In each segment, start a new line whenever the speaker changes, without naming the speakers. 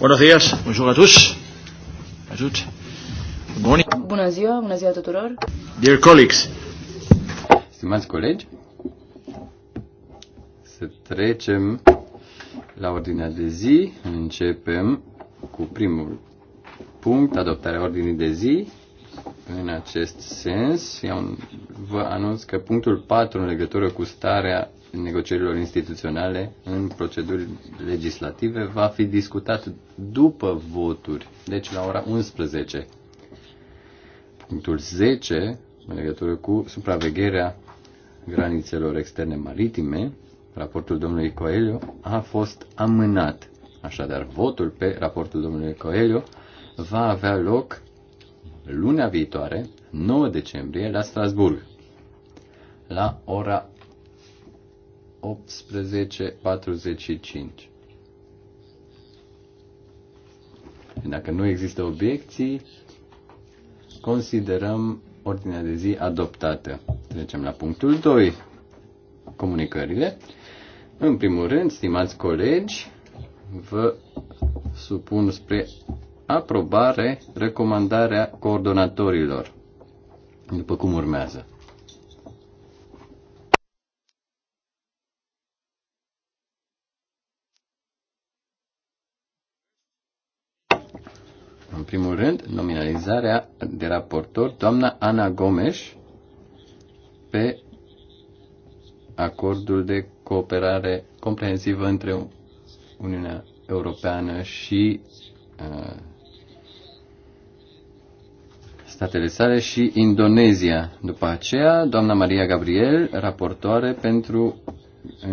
Buenos días, bonjour à tous. À toutes. Good morning.
Bună ziua, bună ziua tuturor.
Dear colleagues. Stimați colegi, să trecem la ordinea de zi. Începem cu primul punct, adoptarea ordinii de zi. În acest sens, vă anunț că punctul 4 în legătură cu starea negocierilor instituționale în proceduri legislative va fi discutat după voturi, deci la ora 11. Punctul 10, în legătură cu supravegherea granițelor externe maritime, raportul domnului Coelho a fost amânat. Așadar, votul pe raportul domnului Coelho va avea loc lunea viitoare, 9 decembrie, la Strasburg, la ora 18.45. Dacă nu există obiecții, considerăm ordinea de zi adoptată. Trecem la punctul 2. Comunicările. În primul rând, stimați colegi, vă supun spre aprobare recomandarea coordonatorilor, după cum urmează. În primul rând, nominalizarea de raportor, doamna Ana Gomes, pe acordul de cooperare comprehensivă între Uniunea Europeană și uh, statele sale și Indonezia. După aceea, doamna Maria Gabriel, raportoare pentru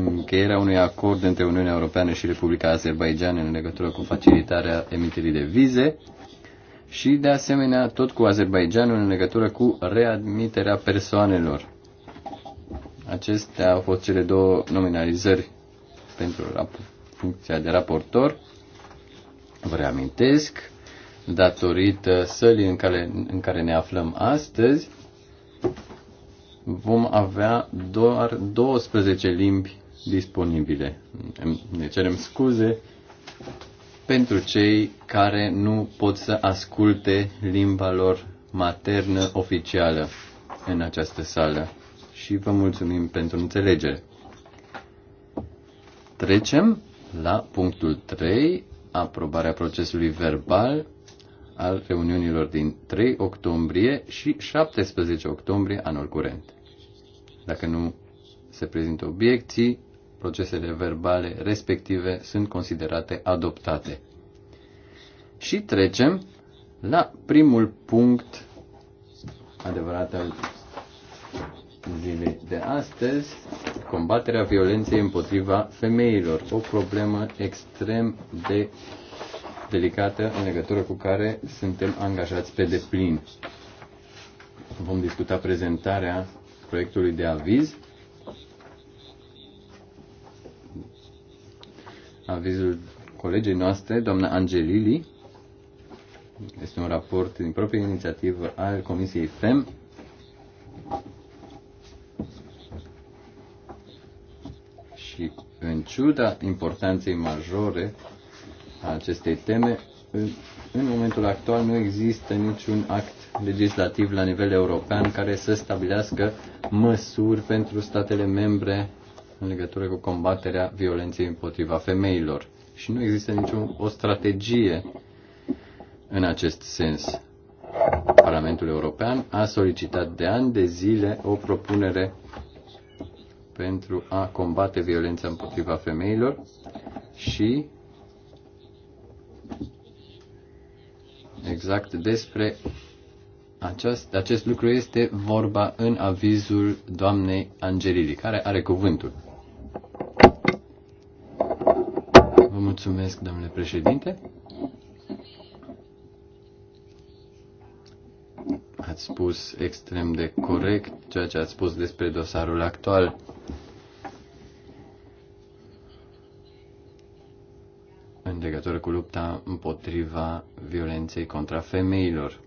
încheierea unui acord între Uniunea Europeană și Republica Azerbaijan în legătură cu facilitarea emiterii de vize și, de asemenea, tot cu Azerbaijanul în legătură cu readmiterea persoanelor. Acestea au fost cele două nominalizări pentru funcția de raportor. Vă reamintesc, datorită sălii în care, în care ne aflăm astăzi, vom avea doar 12 limbi disponibile. Ne cerem scuze pentru cei care nu pot să asculte limba lor maternă oficială în această sală. Și vă mulțumim pentru înțelegere. Trecem la punctul 3, aprobarea procesului verbal al reuniunilor din 3 octombrie și 17 octombrie anul curent. Dacă nu se prezintă obiecții, procesele verbale respective sunt considerate adoptate. Și trecem la primul punct adevărat al zilei de astăzi, combaterea violenței împotriva femeilor, o problemă extrem de delicată în legătură cu care suntem angajați pe deplin. Vom discuta prezentarea proiectului de aviz avizul colegei noastre, doamna Angelili. Este un raport din proprie inițiativă al Comisiei FEM. Și în ciuda importanței majore a acestei teme, în, în momentul actual nu există niciun act legislativ la nivel european care să stabilească măsuri pentru statele membre în legătură cu combaterea violenței împotriva femeilor. Și nu există nicio o strategie în acest sens. Parlamentul European a solicitat de ani de zile o propunere pentru a combate violența împotriva femeilor și exact despre acest, acest lucru este vorba în avizul doamnei Angelili, care are cuvântul. Mulțumesc, domnule președinte. Ați spus extrem de corect ceea ce ați spus despre dosarul actual. în legătură cu lupta împotriva violenței contra femeilor.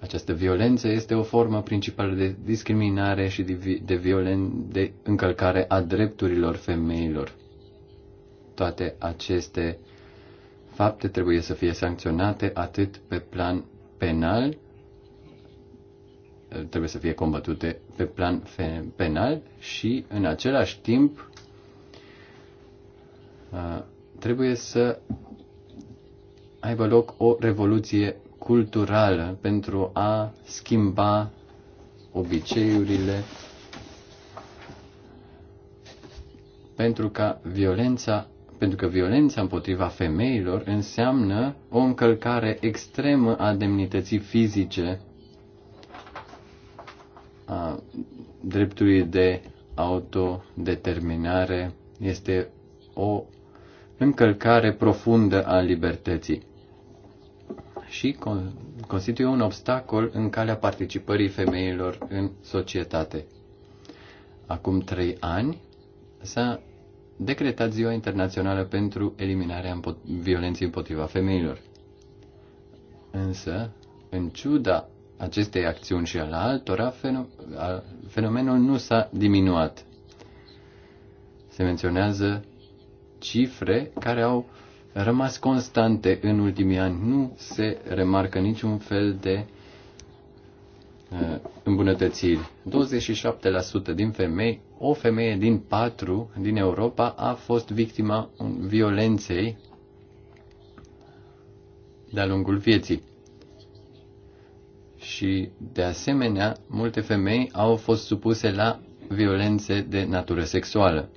Această violență este o formă principală de discriminare și de, violen, de încălcare a drepturilor femeilor. Toate aceste fapte trebuie să fie sancționate atât pe plan penal, trebuie să fie combătute pe plan penal și în același timp uh, trebuie să aibă loc o revoluție culturală pentru a schimba obiceiurile pentru ca violența pentru că violența împotriva femeilor înseamnă o încălcare extremă a demnității fizice, a dreptului de autodeterminare, este o încălcare profundă a libertății și constituie un obstacol în calea participării femeilor în societate. Acum trei ani s-a decretat Ziua Internațională pentru eliminarea violenței împotriva femeilor. Însă, în ciuda acestei acțiuni și al altora, fenomenul nu s-a diminuat. Se menționează cifre care au rămas constante în ultimii ani. Nu se remarcă niciun fel de uh, îmbunătățiri. 27% din femei, o femeie din patru din Europa a fost victima violenței de-a lungul vieții. Și, de asemenea, multe femei au fost supuse la violențe de natură sexuală.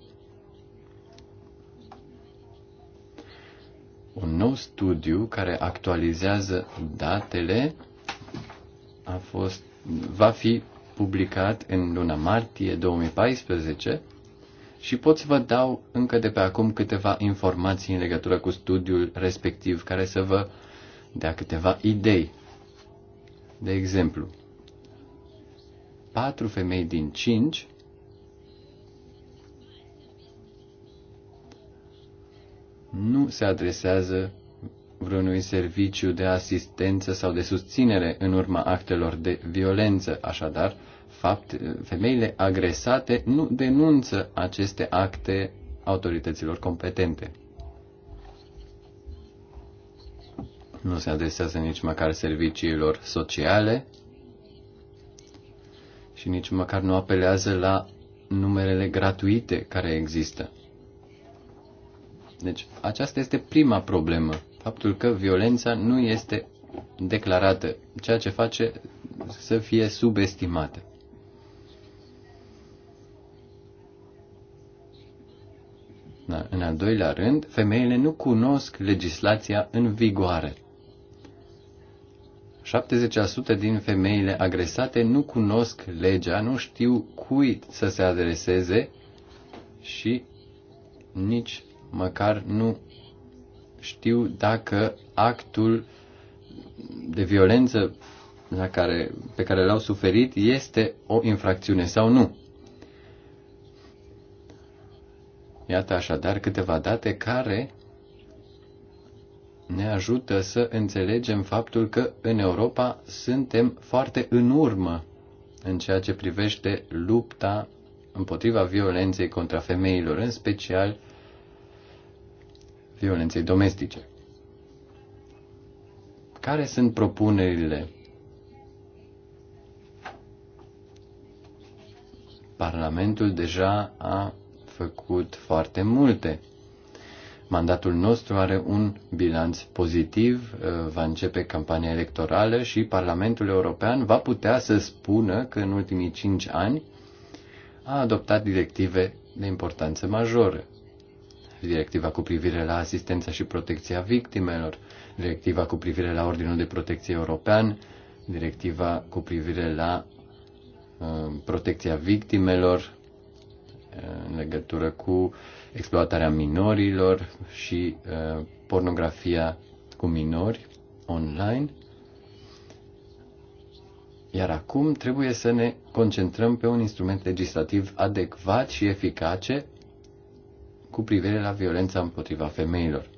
un nou studiu care actualizează datele a fost, va fi publicat în luna martie 2014 și pot să vă dau încă de pe acum câteva informații în legătură cu studiul respectiv care să vă dea câteva idei. De exemplu, patru femei din cinci nu se adresează vreunui serviciu de asistență sau de susținere în urma actelor de violență. Așadar, fapt, femeile agresate nu denunță aceste acte autorităților competente. Nu se adresează nici măcar serviciilor sociale și nici măcar nu apelează la numerele gratuite care există. Deci, aceasta este prima problemă. Faptul că violența nu este declarată, ceea ce face să fie subestimată. Da, în al doilea rând, femeile nu cunosc legislația în vigoare. 70% din femeile agresate nu cunosc legea, nu știu cui să se adreseze și nici măcar nu știu dacă actul de violență la care, pe care l-au suferit este o infracțiune sau nu. Iată așadar câteva date care ne ajută să înțelegem faptul că în Europa suntem foarte în urmă în ceea ce privește lupta împotriva violenței contra femeilor, în special violenței domestice. Care sunt propunerile Parlamentul deja a făcut foarte multe. Mandatul nostru are un bilanț pozitiv, uh, va începe campania electorală și Parlamentul European va putea să spună că în ultimii cinci ani a adoptat directive de importanță majoră directiva cu privire la asistența și protecția victimelor, directiva cu privire la Ordinul de Protecție European, directiva cu privire la uh, protecția victimelor uh, în legătură cu exploatarea minorilor și uh, pornografia cu minori online. Iar acum trebuie să ne concentrăm pe un instrument legislativ adecvat și eficace cu privire la violența împotriva femeilor.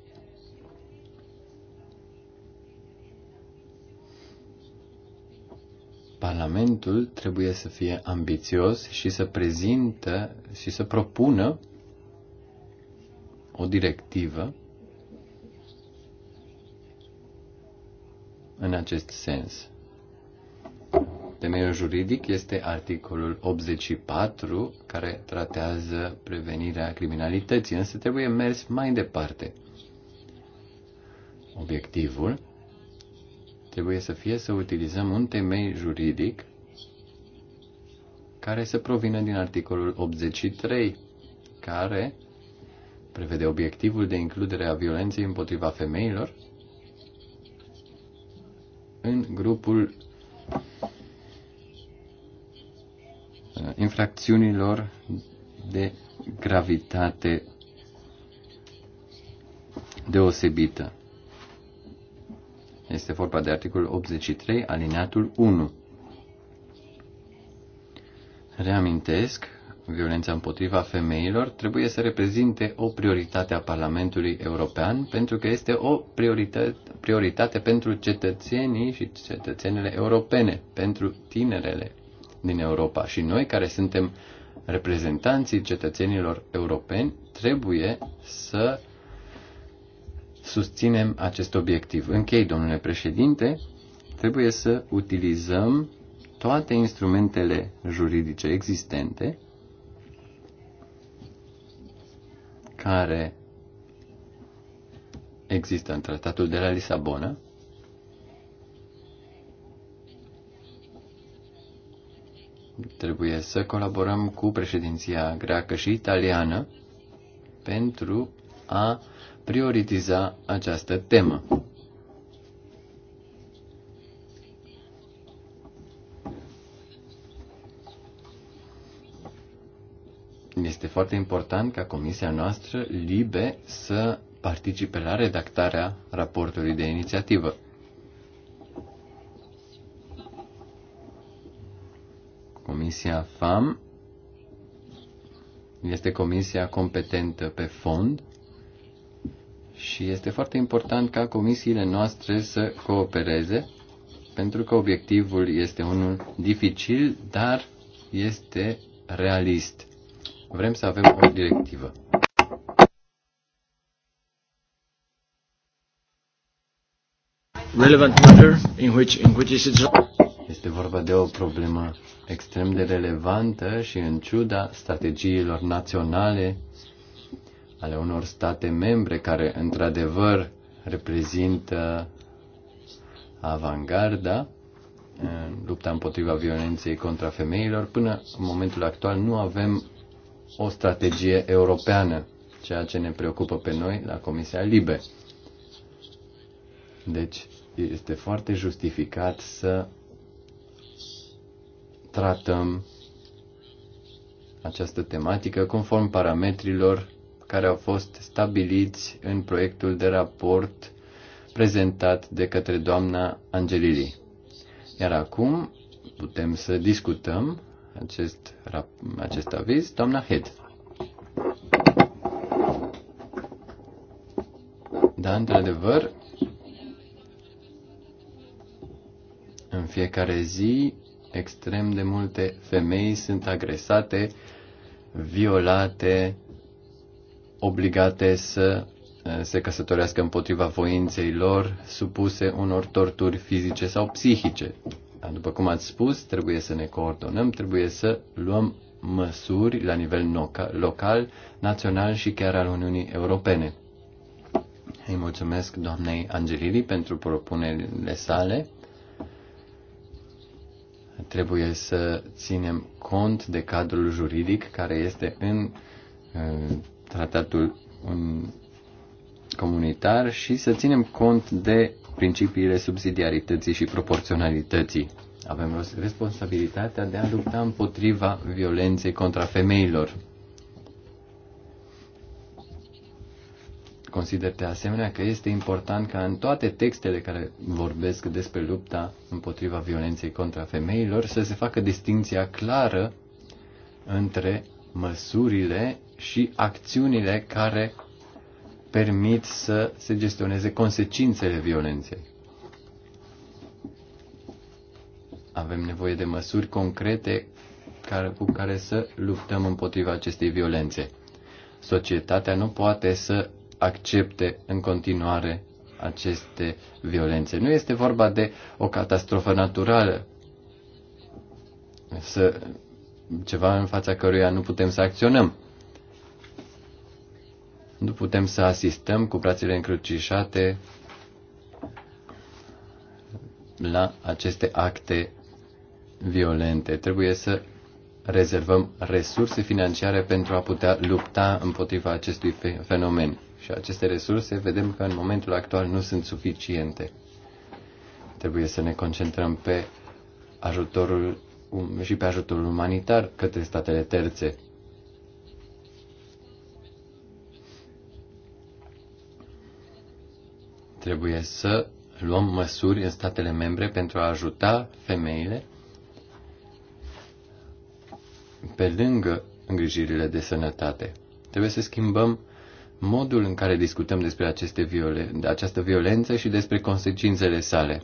Parlamentul trebuie să fie ambițios și să prezintă și să propună o directivă în acest sens. Temeiul juridic este articolul 84, care tratează prevenirea criminalității, însă trebuie mers mai departe. Obiectivul trebuie să fie să utilizăm un temei juridic care să provină din articolul 83, care prevede obiectivul de includere a violenței împotriva femeilor în grupul Uh, infracțiunilor de gravitate deosebită. Este vorba de articolul 83, alineatul 1. Reamintesc, violența împotriva femeilor trebuie să reprezinte o prioritate a Parlamentului European pentru că este o prioritate, prioritate pentru cetățenii și cetățenele europene, pentru tinerele din Europa și noi care suntem reprezentanții cetățenilor europeni trebuie să susținem acest obiectiv. Închei, domnule președinte, trebuie să utilizăm toate instrumentele juridice existente care există în tratatul de la Lisabona Trebuie să colaborăm cu președinția greacă și italiană pentru a prioritiza această temă. Este foarte important ca comisia noastră, LIBE, să participe la redactarea raportului de inițiativă. Comisia FAM este comisia competentă pe fond și este foarte important ca comisiile noastre să coopereze pentru că obiectivul este unul dificil, dar este realist. Vrem să avem o directivă. Relevant matter in which in which is it este vorba de o problemă extrem de relevantă și în ciuda strategiilor naționale ale unor state membre care într-adevăr reprezintă avangarda în lupta împotriva violenței contra femeilor, până în momentul actual nu avem o strategie europeană, ceea ce ne preocupă pe noi la Comisia Libe. Deci, este foarte justificat să tratăm această tematică conform parametrilor care au fost stabiliți în proiectul de raport prezentat de către doamna Angelili. Iar acum putem să discutăm acest, acest aviz, doamna Head. Da, într-adevăr, în fiecare zi extrem de multe femei sunt agresate, violate, obligate să uh, se căsătorească împotriva voinței lor, supuse unor torturi fizice sau psihice. După cum ați spus, trebuie să ne coordonăm, trebuie să luăm măsuri la nivel local, național și chiar al Uniunii Europene. Îi mulțumesc doamnei Angelili pentru propunerile sale. Trebuie să ținem cont de cadrul juridic care este în uh, tratatul comunitar și să ținem cont de principiile subsidiarității și proporționalității. Avem responsabilitatea de a lupta împotriva violenței contra femeilor Consider de asemenea că este important ca în toate textele care vorbesc despre lupta împotriva violenței contra femeilor să se facă distinția clară între măsurile și acțiunile care permit să se gestioneze consecințele violenței. Avem nevoie de măsuri concrete care, cu care să luptăm împotriva acestei violențe. Societatea nu poate să accepte în continuare aceste violențe. Nu este vorba de o catastrofă naturală, să, ceva în fața căruia nu putem să acționăm. Nu putem să asistăm cu brațele încrucișate la aceste acte violente. Trebuie să rezervăm resurse financiare pentru a putea lupta împotriva acestui fenomen și aceste resurse vedem că în momentul actual nu sunt suficiente. Trebuie să ne concentrăm pe ajutorul um, și pe ajutorul umanitar către statele terțe. Trebuie să luăm măsuri în statele membre pentru a ajuta femeile pe lângă îngrijirile de sănătate. Trebuie să schimbăm modul în care discutăm despre aceste violen- această violență și despre consecințele sale.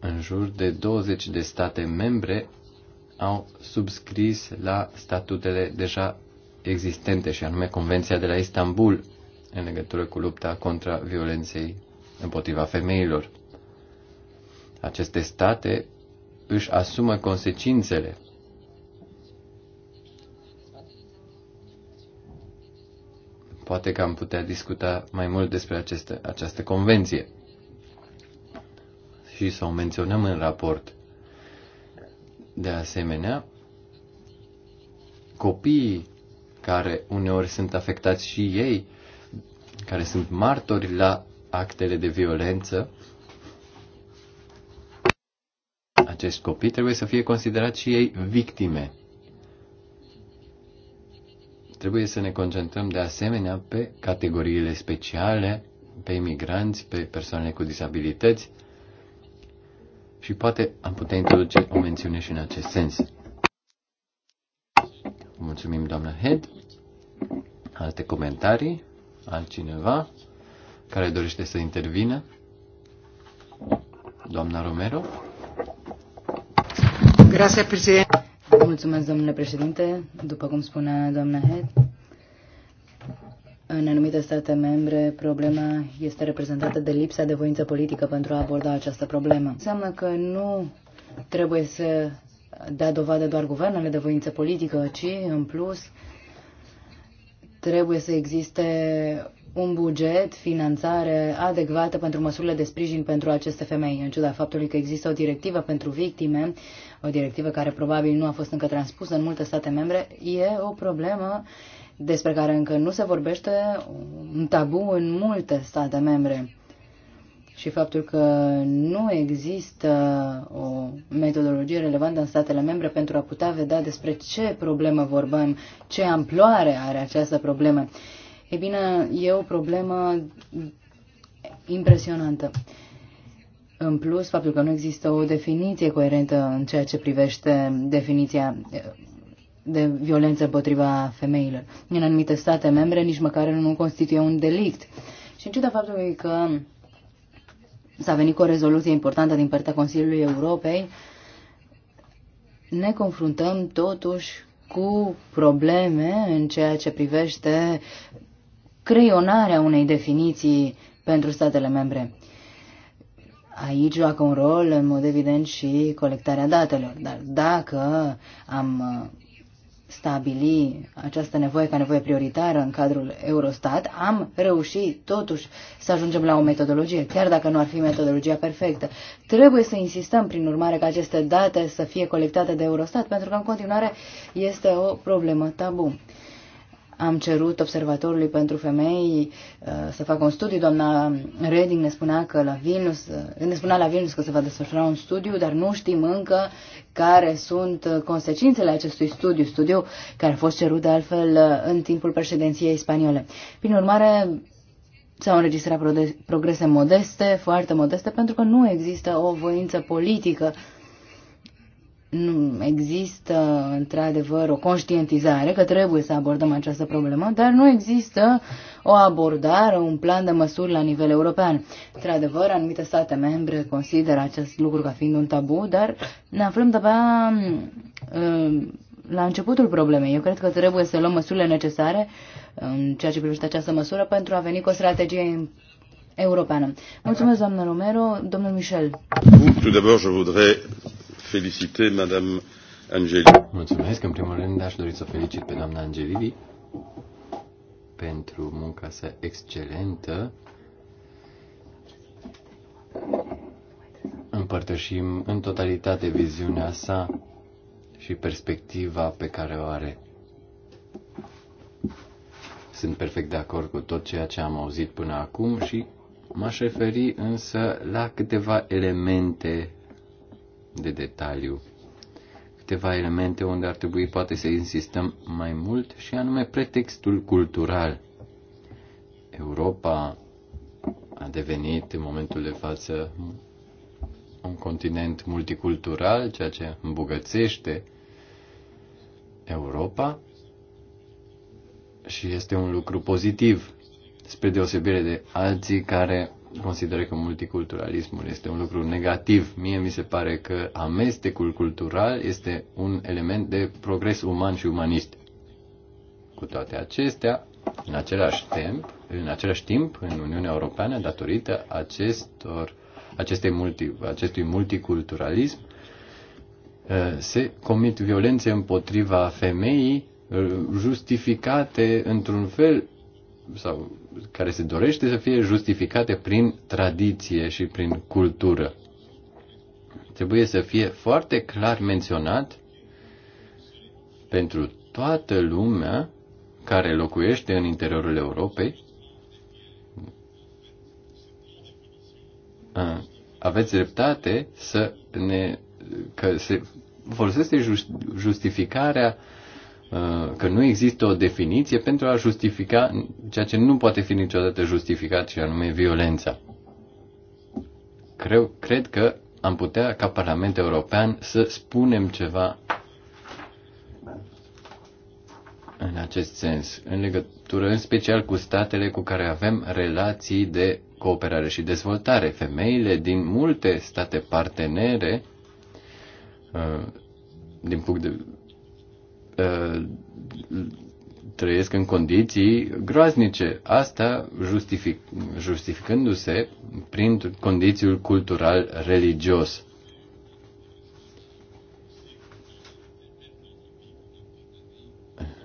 În jur de 20 de state membre au subscris la statutele deja existente, și anume Convenția de la Istanbul în legătură cu lupta contra violenței împotriva femeilor. Aceste state își asumă consecințele Poate că am putea discuta mai mult despre aceste, această convenție și să o menționăm în raport. De asemenea, copiii care uneori sunt afectați și ei, care sunt martori la actele de violență, acești copii trebuie să fie considerați și ei victime. Trebuie să ne concentrăm de asemenea pe categoriile speciale, pe imigranți, pe persoanele cu disabilități și poate am putea introduce o mențiune și în acest sens. Mulțumim, doamnă Head. Alte comentarii? Altcineva care dorește să intervină? Doamna Romero?
Grazie,
președinte. Mulțumesc, domnule președinte. După cum spunea doamna Head, în anumite state membre, problema este reprezentată de lipsa de voință politică pentru a aborda această problemă. Înseamnă că nu trebuie să dea dovadă doar guvernele de voință politică, ci, în plus, trebuie să existe un buget, finanțare adecvată pentru măsurile de sprijin pentru aceste femei, în ciuda faptului că există o directivă pentru victime, o directivă care probabil nu a fost încă transpusă în multe state membre, e o problemă despre care încă nu se vorbește, un tabu în multe state membre. Și faptul că nu există o metodologie relevantă în statele membre pentru a putea vedea despre ce problemă vorbim, ce amploare are această problemă. E bine, e o problemă impresionantă. În plus, faptul că nu există o definiție coerentă în ceea ce privește definiția eh, de violență împotriva femeilor. În anumite state membre nici măcar nu constituie un delict. Și în ciuda faptului că s-a venit cu o rezoluție importantă din partea Consiliului Europei, ne confruntăm totuși cu probleme în ceea ce privește creionarea unei definiții pentru statele membre. Aici joacă un rol, în mod evident, și colectarea datelor. Dar dacă am uh, stabili această nevoie ca nevoie prioritară în cadrul Eurostat, am reușit totuși să ajungem la o metodologie, chiar dacă nu ar fi metodologia perfectă. Trebuie să insistăm, prin urmare, ca aceste date să fie colectate de Eurostat, pentru că în continuare este o problemă tabu. Am cerut observatorului pentru femei uh, să facă un studiu. Doamna Reding ne spunea, că la Vilnius, uh, ne spunea la Vilnius că se va desfășura un studiu, dar nu știm încă care sunt uh, consecințele acestui studiu, studiu care a fost cerut de altfel în timpul președinției spaniole. Prin urmare, s-au înregistrat progrese modeste, foarte modeste, pentru că nu există o voință politică nu există într-adevăr o conștientizare că trebuie să abordăm această problemă, dar nu există o abordare, un plan de măsuri la nivel european. Într-adevăr, anumite state membre consideră acest lucru ca fiind un tabu, dar ne aflăm de-abia uh, la începutul problemei. Eu cred că trebuie să luăm măsurile necesare în ceea ce privește această măsură pentru a veni cu o strategie europeană. Mulțumesc, doamnă Romero. Domnul Michel.
Tout d'abord, je voudrais féliciter Madame Angeli. Mulțumesc. În primul rând aș dori să felicit pe doamna Angelili pentru munca sa excelentă. Împărtășim în totalitate viziunea sa și perspectiva pe care o are. Sunt perfect de acord cu tot ceea ce am auzit până acum și m-aș referi însă la câteva elemente de detaliu câteva elemente unde ar trebui poate să insistăm mai mult și anume pretextul cultural. Europa a devenit în momentul de față un continent multicultural, ceea ce îmbogățește Europa și este un lucru pozitiv, spre deosebire de alții care consideră că multiculturalismul este un lucru negativ. Mie mi se pare că amestecul cultural este un element de progres uman și umanist. Cu toate acestea, în același timp, în același timp, în Uniunea Europeană, datorită acestor, acestei multi, acestui multiculturalism, uh, se comit violențe împotriva femeii uh, justificate într-un fel sau care se dorește să fie justificate prin tradiție și prin cultură. Trebuie să fie foarte clar menționat pentru toată lumea care locuiește în interiorul Europei. Aveți dreptate să ne că se folosește justificarea uh, Uh, că nu există o definiție pentru a justifica ceea ce nu poate fi niciodată justificat, și anume violența. Creu, cred că am putea, ca Parlament European, să spunem ceva în acest sens, în legătură în special cu statele cu care avem relații de cooperare și dezvoltare. Femeile din multe state partenere, uh, din punct de Uh, trăiesc în condiții groaznice. Asta justific, justificându-se prin condițiul cultural religios.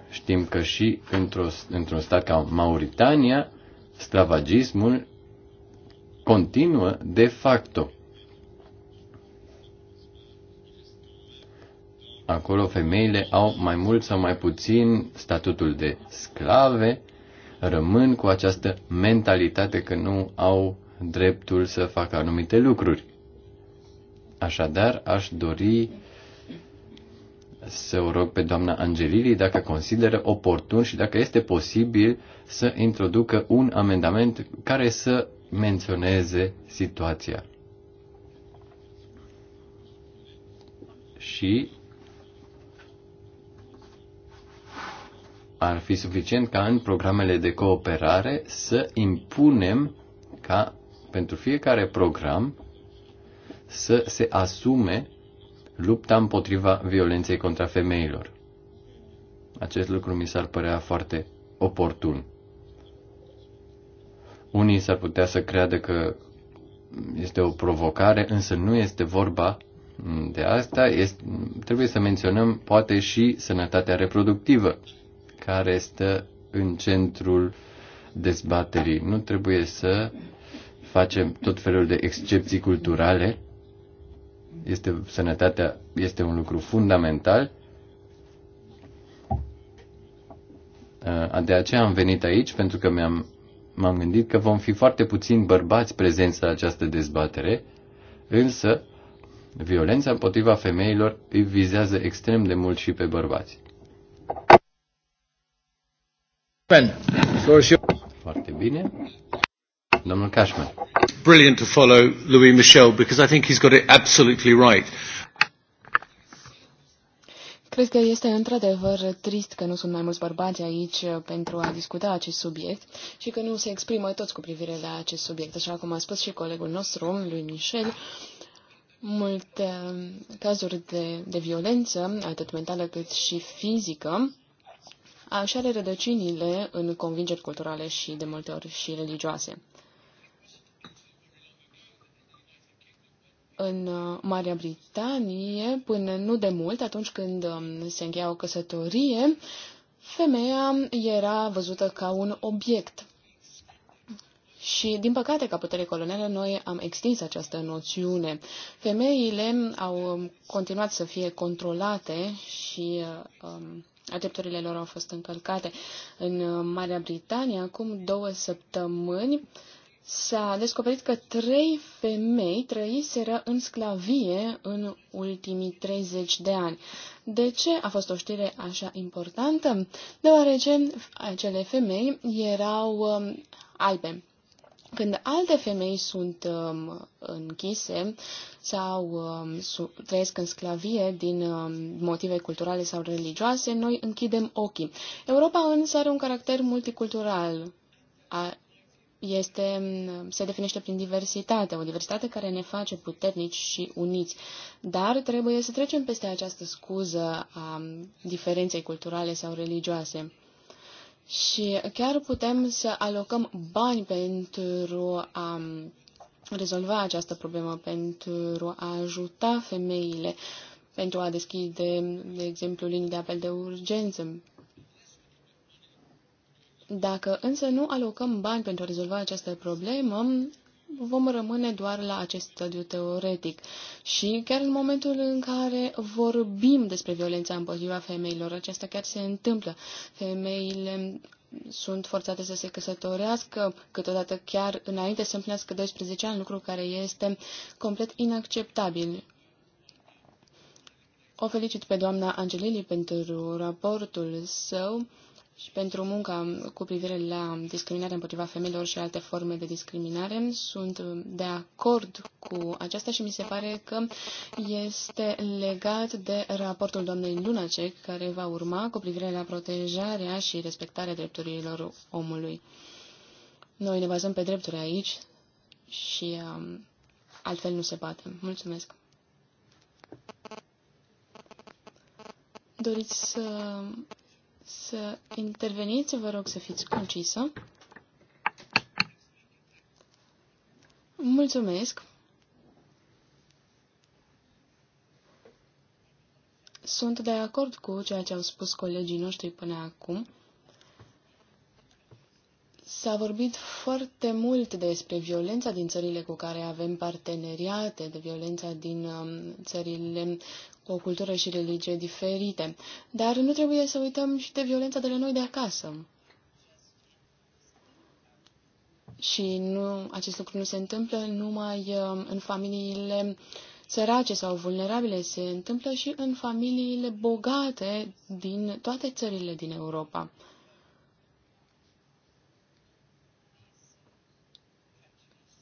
Știm că și într-o, într-un stat ca Mauritania, sclavagismul continuă de facto. Acolo femeile au mai mult sau mai puțin statutul de sclave, rămân cu această mentalitate că nu au dreptul să facă anumite lucruri. Așadar, aș dori să o rog pe doamna Angelili dacă consideră oportun și dacă este posibil să introducă un amendament care să menționeze situația. Și ar fi suficient ca în programele de cooperare să impunem ca pentru fiecare program să se asume lupta împotriva violenței contra femeilor. Acest lucru mi s-ar părea foarte oportun. Unii s-ar putea să creadă că este o provocare, însă nu este vorba de asta. Este, trebuie să menționăm poate și sănătatea reproductivă care stă în centrul dezbaterii. Nu trebuie să facem tot felul de excepții culturale. Este, sănătatea este un lucru fundamental. Uh, de aceea am venit aici, pentru că mi-am, m-am gândit că vom fi foarte puțini bărbați prezenți la această dezbatere, însă violența împotriva femeilor îi vizează extrem de mult și pe bărbați. Foarte bine. Domnul Cashman. Brilliant to follow Louis Michel because I think he's got it absolutely right.
Cred că este într-adevăr trist că nu sunt mai mulți bărbați aici uh, pentru a discuta acest subiect și că nu se exprimă toți cu privire la acest subiect. Așa cum a spus și colegul nostru, lui Michel, multe um, cazuri de, de violență, atât mentală cât și fizică, așa are rădăcinile în convingeri culturale și de multe ori și religioase. În uh, Marea Britanie, până nu de mult, atunci când um, se încheia o căsătorie, femeia era văzută ca un obiect. Și, din păcate, ca putere coloniale, noi am extins această noțiune. Femeile au um, continuat să fie controlate și uh, um, drepturile lor au fost încălcate. În uh, Marea Britanie, acum două săptămâni, s-a descoperit că trei femei trăiseră în sclavie în ultimii 30 de ani. De ce a fost o știre așa importantă? Deoarece acele femei erau um, albe. Când alte femei sunt um, închise sau um, trăiesc în sclavie din um, motive culturale sau religioase, noi închidem ochii. Europa însă are un caracter multicultural. A, este, um, se definește prin diversitate, o diversitate care ne face puternici și uniți. Dar trebuie să trecem peste această scuză a um, diferenței culturale sau religioase și chiar putem să alocăm bani pentru a um, rezolva această problemă, pentru a ajuta femeile, pentru a deschide, de exemplu, linii de apel de urgență. Dacă însă nu alocăm bani pentru a rezolva această problemă, vom rămâne doar la acest stadiu teoretic. Și chiar în momentul în care vorbim despre violența împotriva femeilor, aceasta chiar se întâmplă. Femeile sunt forțate să se căsătorească, câteodată chiar înainte să împlinească 12 ani, lucru care este complet inacceptabil. O felicit pe doamna Angelili pentru raportul său și pentru munca cu privire la discriminarea împotriva femeilor și alte forme de discriminare. Sunt de acord cu aceasta și mi se pare că este legat de raportul doamnei Lunacek care va urma cu privire la protejarea și respectarea drepturilor omului. Noi ne bazăm pe drepturi aici și um, altfel nu se poate. Mulțumesc! Doriți să să interveniți, vă rog să fiți concisă. Mulțumesc! Sunt de acord cu ceea ce au spus colegii noștri până acum S-a vorbit foarte mult despre violența din țările cu care avem parteneriate, de violența din um, țările cu o cultură și religie diferite. Dar nu trebuie să uităm și de violența de la noi de acasă. Și nu, acest lucru nu se întâmplă numai um, în familiile sărace sau vulnerabile, se întâmplă și în familiile bogate din toate țările din Europa.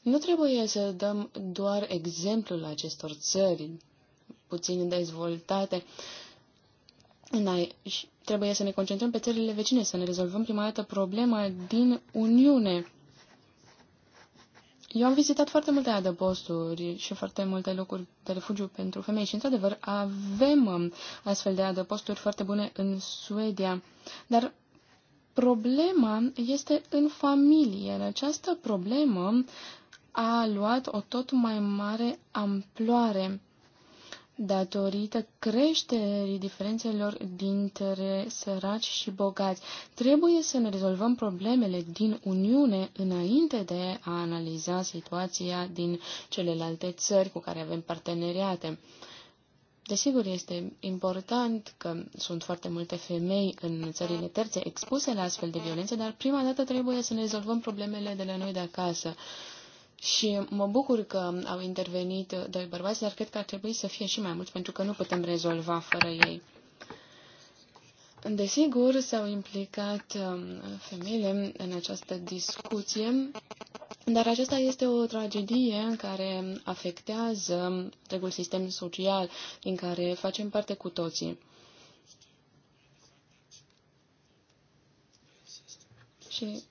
Nu trebuie să dăm doar exemplul acestor țări puțin dezvoltate. Trebuie să ne concentrăm pe țările vecine, să ne rezolvăm prima dată problema din Uniune. Eu am vizitat foarte multe adăposturi și foarte multe locuri de refugiu pentru femei și, într-adevăr, avem um, astfel de adăposturi foarte bune în Suedia. Dar problema este în familie. Această problemă a luat o tot mai mare amploare datorită creșterii diferențelor dintre săraci și bogați. Trebuie să ne rezolvăm problemele din Uniune înainte de a analiza situația din celelalte țări cu care avem parteneriate. Desigur, este important că sunt foarte multe femei în țările terțe expuse la astfel de violențe, dar prima dată trebuie să ne rezolvăm problemele de la noi de acasă. Și mă bucur că au intervenit uh, doi bărbați, dar cred că ar trebui să fie și mai mulți, pentru că nu putem rezolva fără ei. Desigur, s-au implicat um, femeile în această discuție, dar aceasta este o tragedie care afectează întregul sistem social din care facem parte cu toții. Și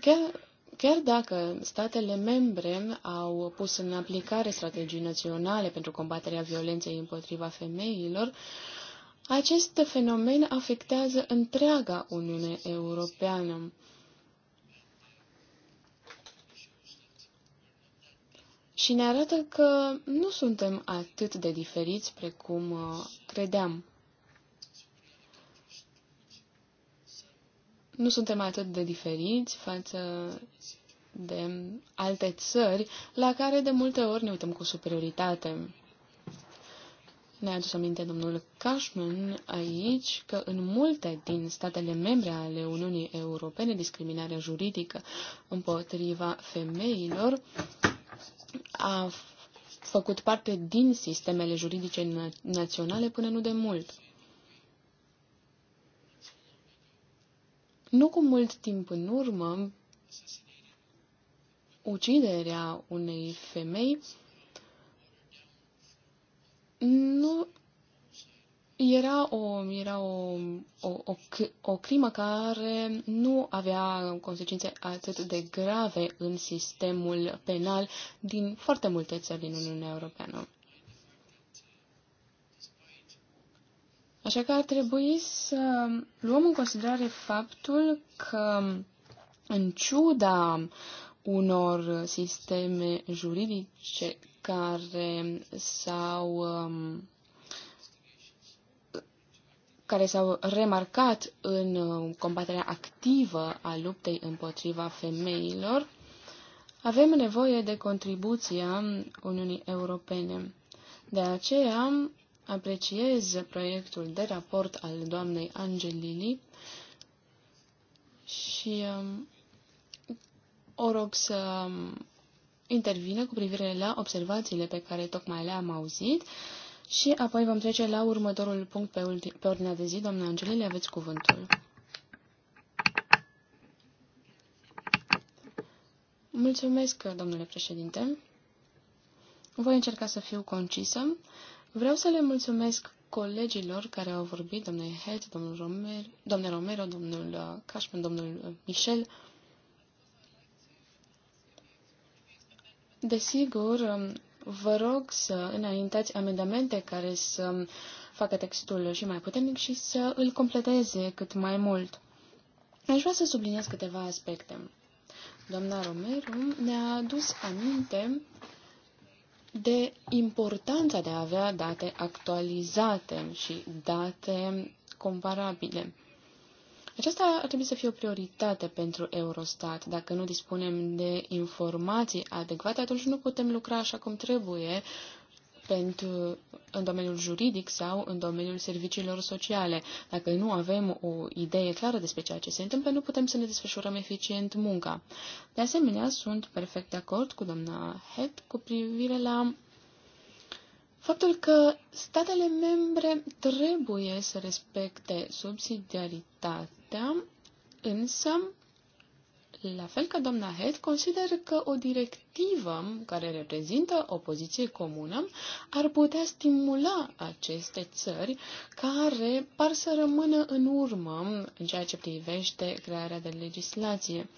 chiar Chiar dacă statele membre au pus în aplicare strategii naționale pentru combaterea violenței împotriva femeilor, acest fenomen afectează întreaga Uniune Europeană. Și ne arată că nu suntem atât de diferiți precum uh, credeam. Nu suntem atât de diferiți față de alte țări la care de multe ori ne uităm cu superioritate. Ne-a adus aminte domnul Cashman aici că în multe din statele membre ale Uniunii Europene discriminarea juridică împotriva femeilor a făcut parte din sistemele juridice naționale până nu de mult. Nu cu mult timp în urmă, uciderea unei femei nu era o, era o, o, o, o crimă care nu avea consecințe atât de grave în sistemul penal din foarte multe țări din Uniunea Europeană. Așa că ar trebui să luăm în considerare faptul că, în ciuda unor sisteme juridice care s-au um, care s-au remarcat în combaterea activă a luptei împotriva femeilor, avem nevoie de contribuția Uniunii Europene. De aceea Apreciez proiectul de raport al doamnei Angelini și um, o rog să um, intervină cu privire la observațiile pe care tocmai le-am auzit și apoi vom trece la următorul punct pe, ulti, pe ordinea de zi. Doamna Angelili, aveți cuvântul. Mulțumesc, domnule președinte. Voi încerca să fiu concisă. Vreau să le mulțumesc colegilor care au vorbit, domnul Head, domnul Romer, domnul Romero, domnul uh, Cashman, domnul uh, Michel. Desigur, um, vă rog să înaintați amendamente care să um, facă textul și mai puternic și să îl completeze cât mai mult. Aș vrea să subliniez câteva aspecte. Doamna Romero ne-a adus aminte de importanța de a avea date actualizate și date comparabile. Aceasta ar trebui să fie o prioritate pentru Eurostat. Dacă nu dispunem de informații adecvate, atunci nu putem lucra așa cum trebuie pentru, în domeniul juridic sau în domeniul serviciilor sociale. Dacă nu avem o idee clară despre ceea ce se întâmplă, nu putem să ne desfășurăm eficient munca. De asemenea, sunt perfect de acord cu doamna Head cu privire la faptul că statele membre trebuie să respecte subsidiaritatea, însă la fel ca doamna Head, consider că o directivă care reprezintă o poziție comună ar putea stimula aceste țări care par să rămână în urmă în ceea ce privește crearea de legislație,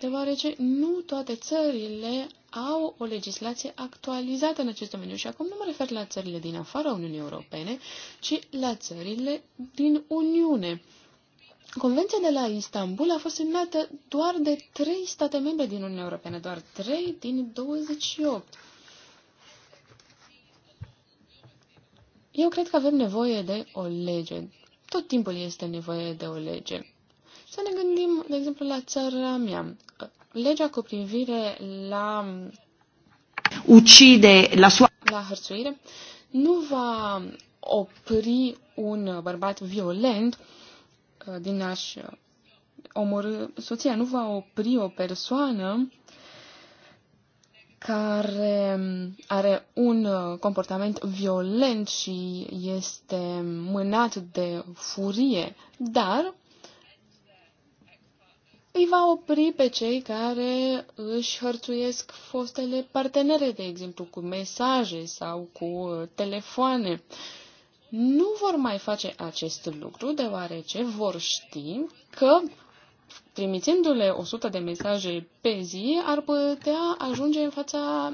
deoarece nu toate țările au o legislație actualizată în acest domeniu. Și acum nu mă refer la țările din afara Uniunii Europene, ci la țările din Uniune Convenția de la Istanbul a fost semnată doar de trei state membre din Uniunea Europeană, doar trei din 28. Eu cred că avem nevoie de o lege. Tot timpul este nevoie de o lege. Să ne gândim, de exemplu, la țara mea. Legea cu privire la...
Ucide la sua...
La hărțuire nu va opri un bărbat violent uh, Uh, din aș uh, omorâ, soția nu va opri o persoană care um, are un uh, comportament violent și este mânat de furie, dar îi va opri pe cei care își hărțuiesc fostele partenere, de exemplu, cu mesaje sau cu telefoane nu vor mai face acest lucru, deoarece vor ști că trimițându-le 100 de mesaje pe zi, ar putea ajunge în fața,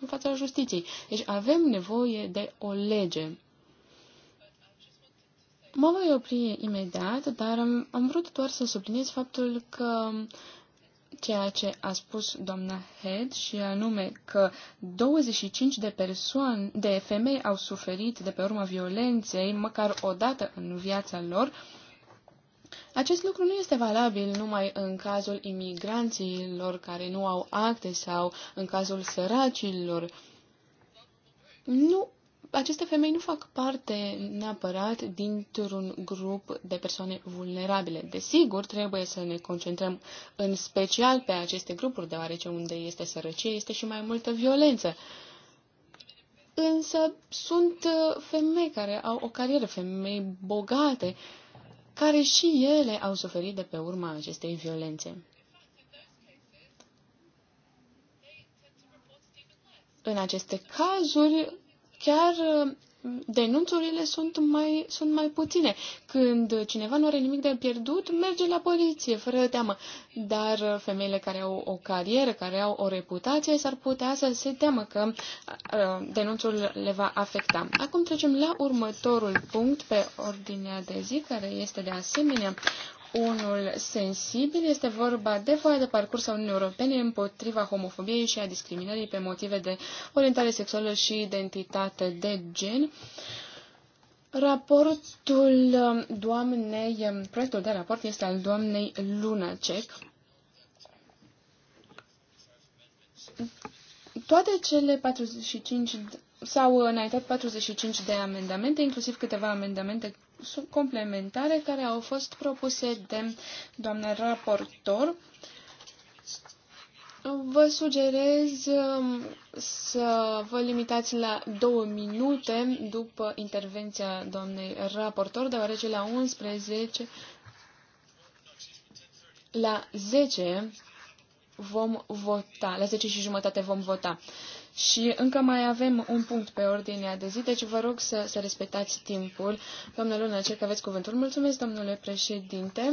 în fața justiției. Deci avem nevoie de o lege. Mă voi opri imediat, dar am vrut doar să subliniez faptul că ceea ce a spus doamna Head și anume că 25 de persoane, de femei au suferit de pe urma violenței măcar o dată în viața lor, acest lucru nu este valabil numai în cazul imigranților care nu au acte sau în cazul săracilor. Nu aceste femei nu fac parte neapărat dintr-un grup de persoane vulnerabile. Desigur, trebuie să ne concentrăm în special pe aceste grupuri, deoarece unde este sărăcie este și mai multă violență. Însă sunt uh, femei care au o carieră, femei bogate, care și ele au suferit de pe urma acestei violențe. În aceste cazuri, chiar uh, denunțurile sunt mai, sunt mai puține. Când cineva nu are nimic de pierdut, merge la poliție, fără teamă. Dar uh, femeile care au o carieră, care au o reputație, s-ar putea să se teamă că uh, denunțul le va afecta. Acum trecem la următorul punct pe ordinea de zi, care este de asemenea unul sensibil. Este vorba de foaia de parcurs a Uniunii Europene împotriva homofobiei și a discriminării pe motive de orientare sexuală și identitate de gen. Raportul um, doamnei, um, proiectul de raport este al doamnei Lunacek. Toate cele 45 s-au înaintat 45 de amendamente, inclusiv câteva amendamente complementare care au fost propuse de doamna raportor. Vă sugerez um, să vă limitați la două minute după intervenția doamnei raportor, deoarece la 11, la 10 vom vota, la 10 și jumătate vom vota. Și încă mai avem un punct pe ordinea de zi, deci vă rog să, să respectați timpul. Doamna Luna, cer că aveți cuvântul. Mulțumesc, domnule președinte.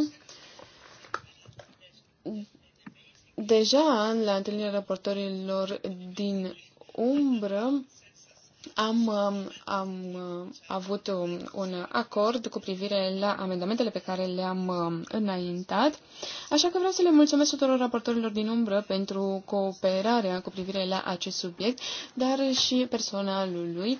Deja la întâlnirea raportorilor din umbră, am, um, am uh, avut um, un, acord cu privire la amendamentele pe care le-am um, înaintat, așa că vreau să le mulțumesc tuturor raportorilor din umbră pentru cooperarea cu privire la acest subiect, dar și personalului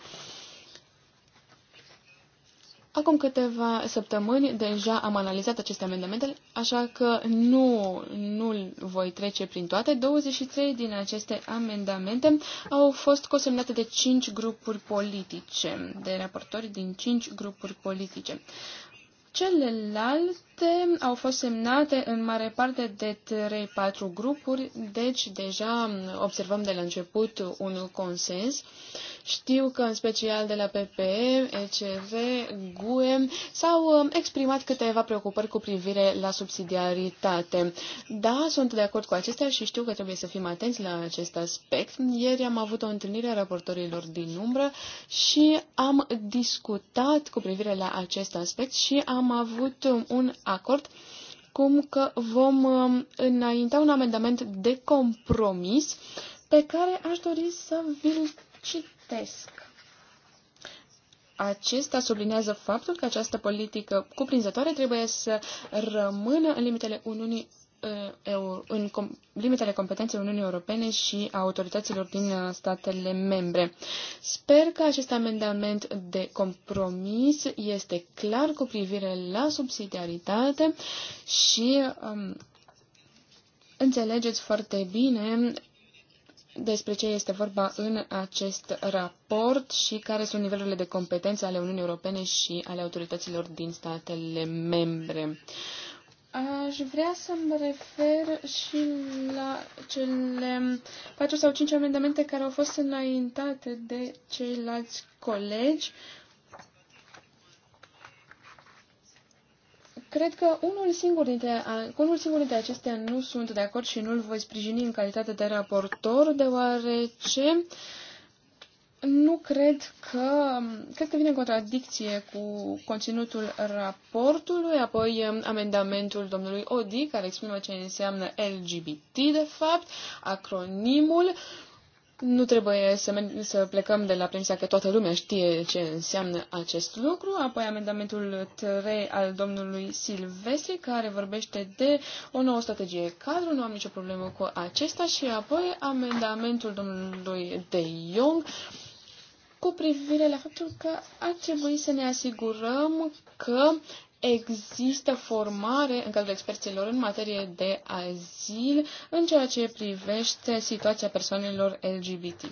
Acum câteva săptămâni deja am analizat aceste amendamente, așa că nu, nu voi trece prin toate. 23 din aceste amendamente au fost consemnate de 5 grupuri politice, de raportori din 5 grupuri politice. Celelalte aceste au fost semnate în mare parte de 3-4 grupuri, deci deja observăm de la început un consens. Știu că în special de la PPE, ECV, GUE s-au um, exprimat câteva preocupări cu privire la subsidiaritate. Da, sunt de acord cu acestea și știu că trebuie să fim atenți la acest aspect. Ieri am avut o întâlnire a raportorilor din umbră și am discutat cu privire la acest aspect și am avut un acord cum că vom um, înainta un amendament de compromis pe care aș dori să vi-l citesc. Acesta sublinează faptul că această politică cuprinzătoare trebuie să rămână în limitele Uniunii Uh, în limitele competenței Uniunii Europene și a autorităților din uh, statele membre. Sper că acest amendament de compromis este clar cu privire la subsidiaritate și um, înțelegeți foarte bine despre ce este vorba în acest raport și care sunt nivelurile de competențe ale Uniunii Europene și ale autorităților din statele membre. Aș vrea să mă refer și la cele 4 sau 5 amendamente care au fost înaintate de ceilalți colegi. Cred că unul singur, dintre, unul singur dintre acestea nu sunt de acord și nu îl voi sprijini în calitate de raportor, deoarece uh, nu cred că, cred că vine în contradicție cu conținutul raportului, apoi um, amendamentul domnului Odi, care exprimă ce înseamnă LGBT, de fapt, acronimul. Nu trebuie să, să plecăm de la premisa că toată lumea știe ce înseamnă acest lucru, apoi amendamentul 3 al domnului Silvestri, care vorbește de o nouă strategie cadru, nu am nicio problemă cu acesta, și apoi amendamentul domnului De Jong, cu privire la faptul că ar trebui să ne asigurăm că există formare în cadrul experților în materie de azil în ceea ce privește situația persoanelor LGBT.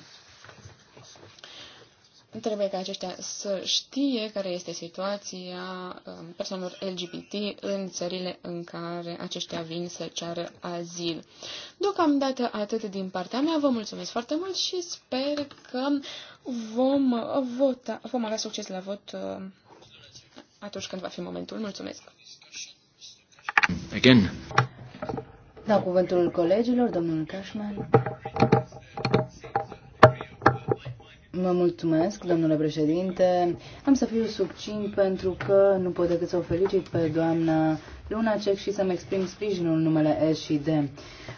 Trebuie ca aceștia să știe care este situația um, persoanelor LGBT în țările în care aceștia vin să ceară azil. Deocamdată atât din partea mea, vă mulțumesc foarte mult și sper că vom vota, vom avea succes la vot um, atunci când va fi momentul. Mulțumesc! Again. Da cuvântul colegilor,
domnul Cashman. Mă mulțumesc, domnule președinte. Am să fiu subțin pentru că nu pot decât să o felicit pe doamna Lunacek și să-mi exprim sprijinul în numele S și D.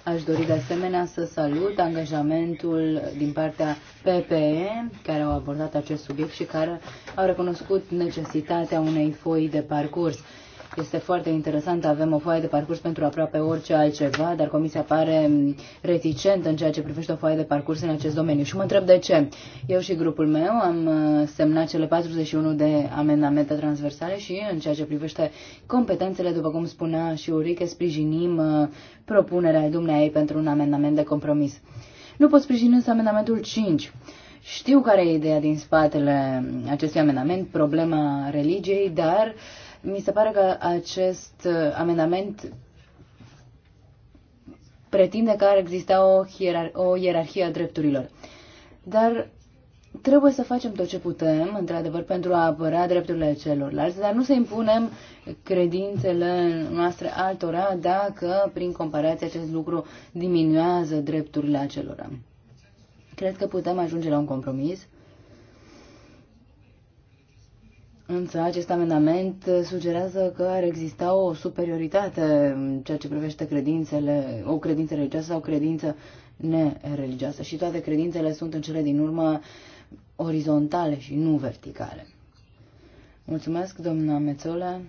Aș dori de asemenea să salut angajamentul din partea PPE, care au abordat acest subiect și care au recunoscut necesitatea unei foi de parcurs. Este foarte interesant, avem o foaie de parcurs pentru aproape orice altceva, dar Comisia pare reticentă în ceea ce privește o foaie de parcurs în acest domeniu. Și mă întreb de ce. Eu și grupul meu am uh, semnat cele 41 de amendamente transversale și în ceea ce privește competențele, după cum spunea și Urică, sprijinim uh, propunerea dumneai pentru un amendament de compromis. Nu pot sprijini însă amendamentul 5. Știu care e ideea din spatele acestui amendament, problema religiei, dar uh, mi se pare că acest uh, amendament pretinde că ar exista o, hierar- o ierarhie a drepturilor. Dar trebuie să facem tot ce putem, într-adevăr, pentru a apăra drepturile celorlalți, dar nu să impunem credințele noastre altora dacă, prin comparație, acest lucru diminuează drepturile acelora. Cred că putem ajunge la un compromis Însă acest amendament sugerează că ar exista o superioritate în ceea ce privește credințele, o credință religioasă sau o credință nereligioasă și toate credințele sunt în cele din urmă orizontale și nu verticale. Mulțumesc, doamna Mețole,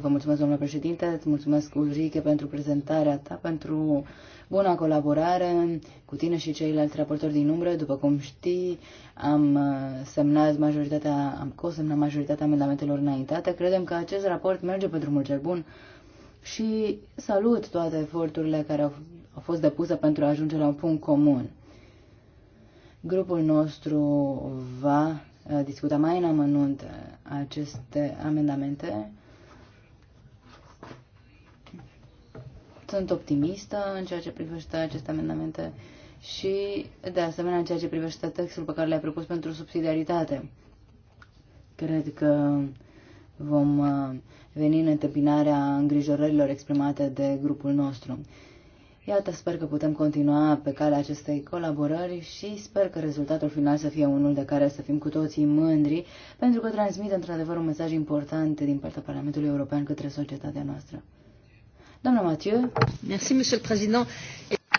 vă mulțumesc, doamna președinte, îți mulțumesc, Ulrike, pentru prezentarea ta, pentru buna colaborare cu tine și ceilalți raportori din umbră. După cum știi, am uh, semnat majoritatea, am cosemnat majoritatea amendamentelor înaintate. Credem că acest raport merge pe drumul cel bun și salut toate eforturile care au, au fost depuse pentru a ajunge la un punct comun. Grupul nostru va uh, discuta mai în amănunt aceste amendamente Sunt optimistă în ceea ce privește aceste amendamente și, de asemenea, în ceea ce privește textul pe care l-ai propus pentru subsidiaritate. Cred că vom uh, veni în întâmpinarea îngrijorărilor exprimate de grupul nostru. Iată, sper că putem continua pe calea acestei colaborări și sper că rezultatul final să fie unul de care să fim cu toții mândri, pentru că transmite într-adevăr un mesaj important din partea Parlamentului European către societatea noastră.
Doamna Mathieu. Merci, monsieur le président.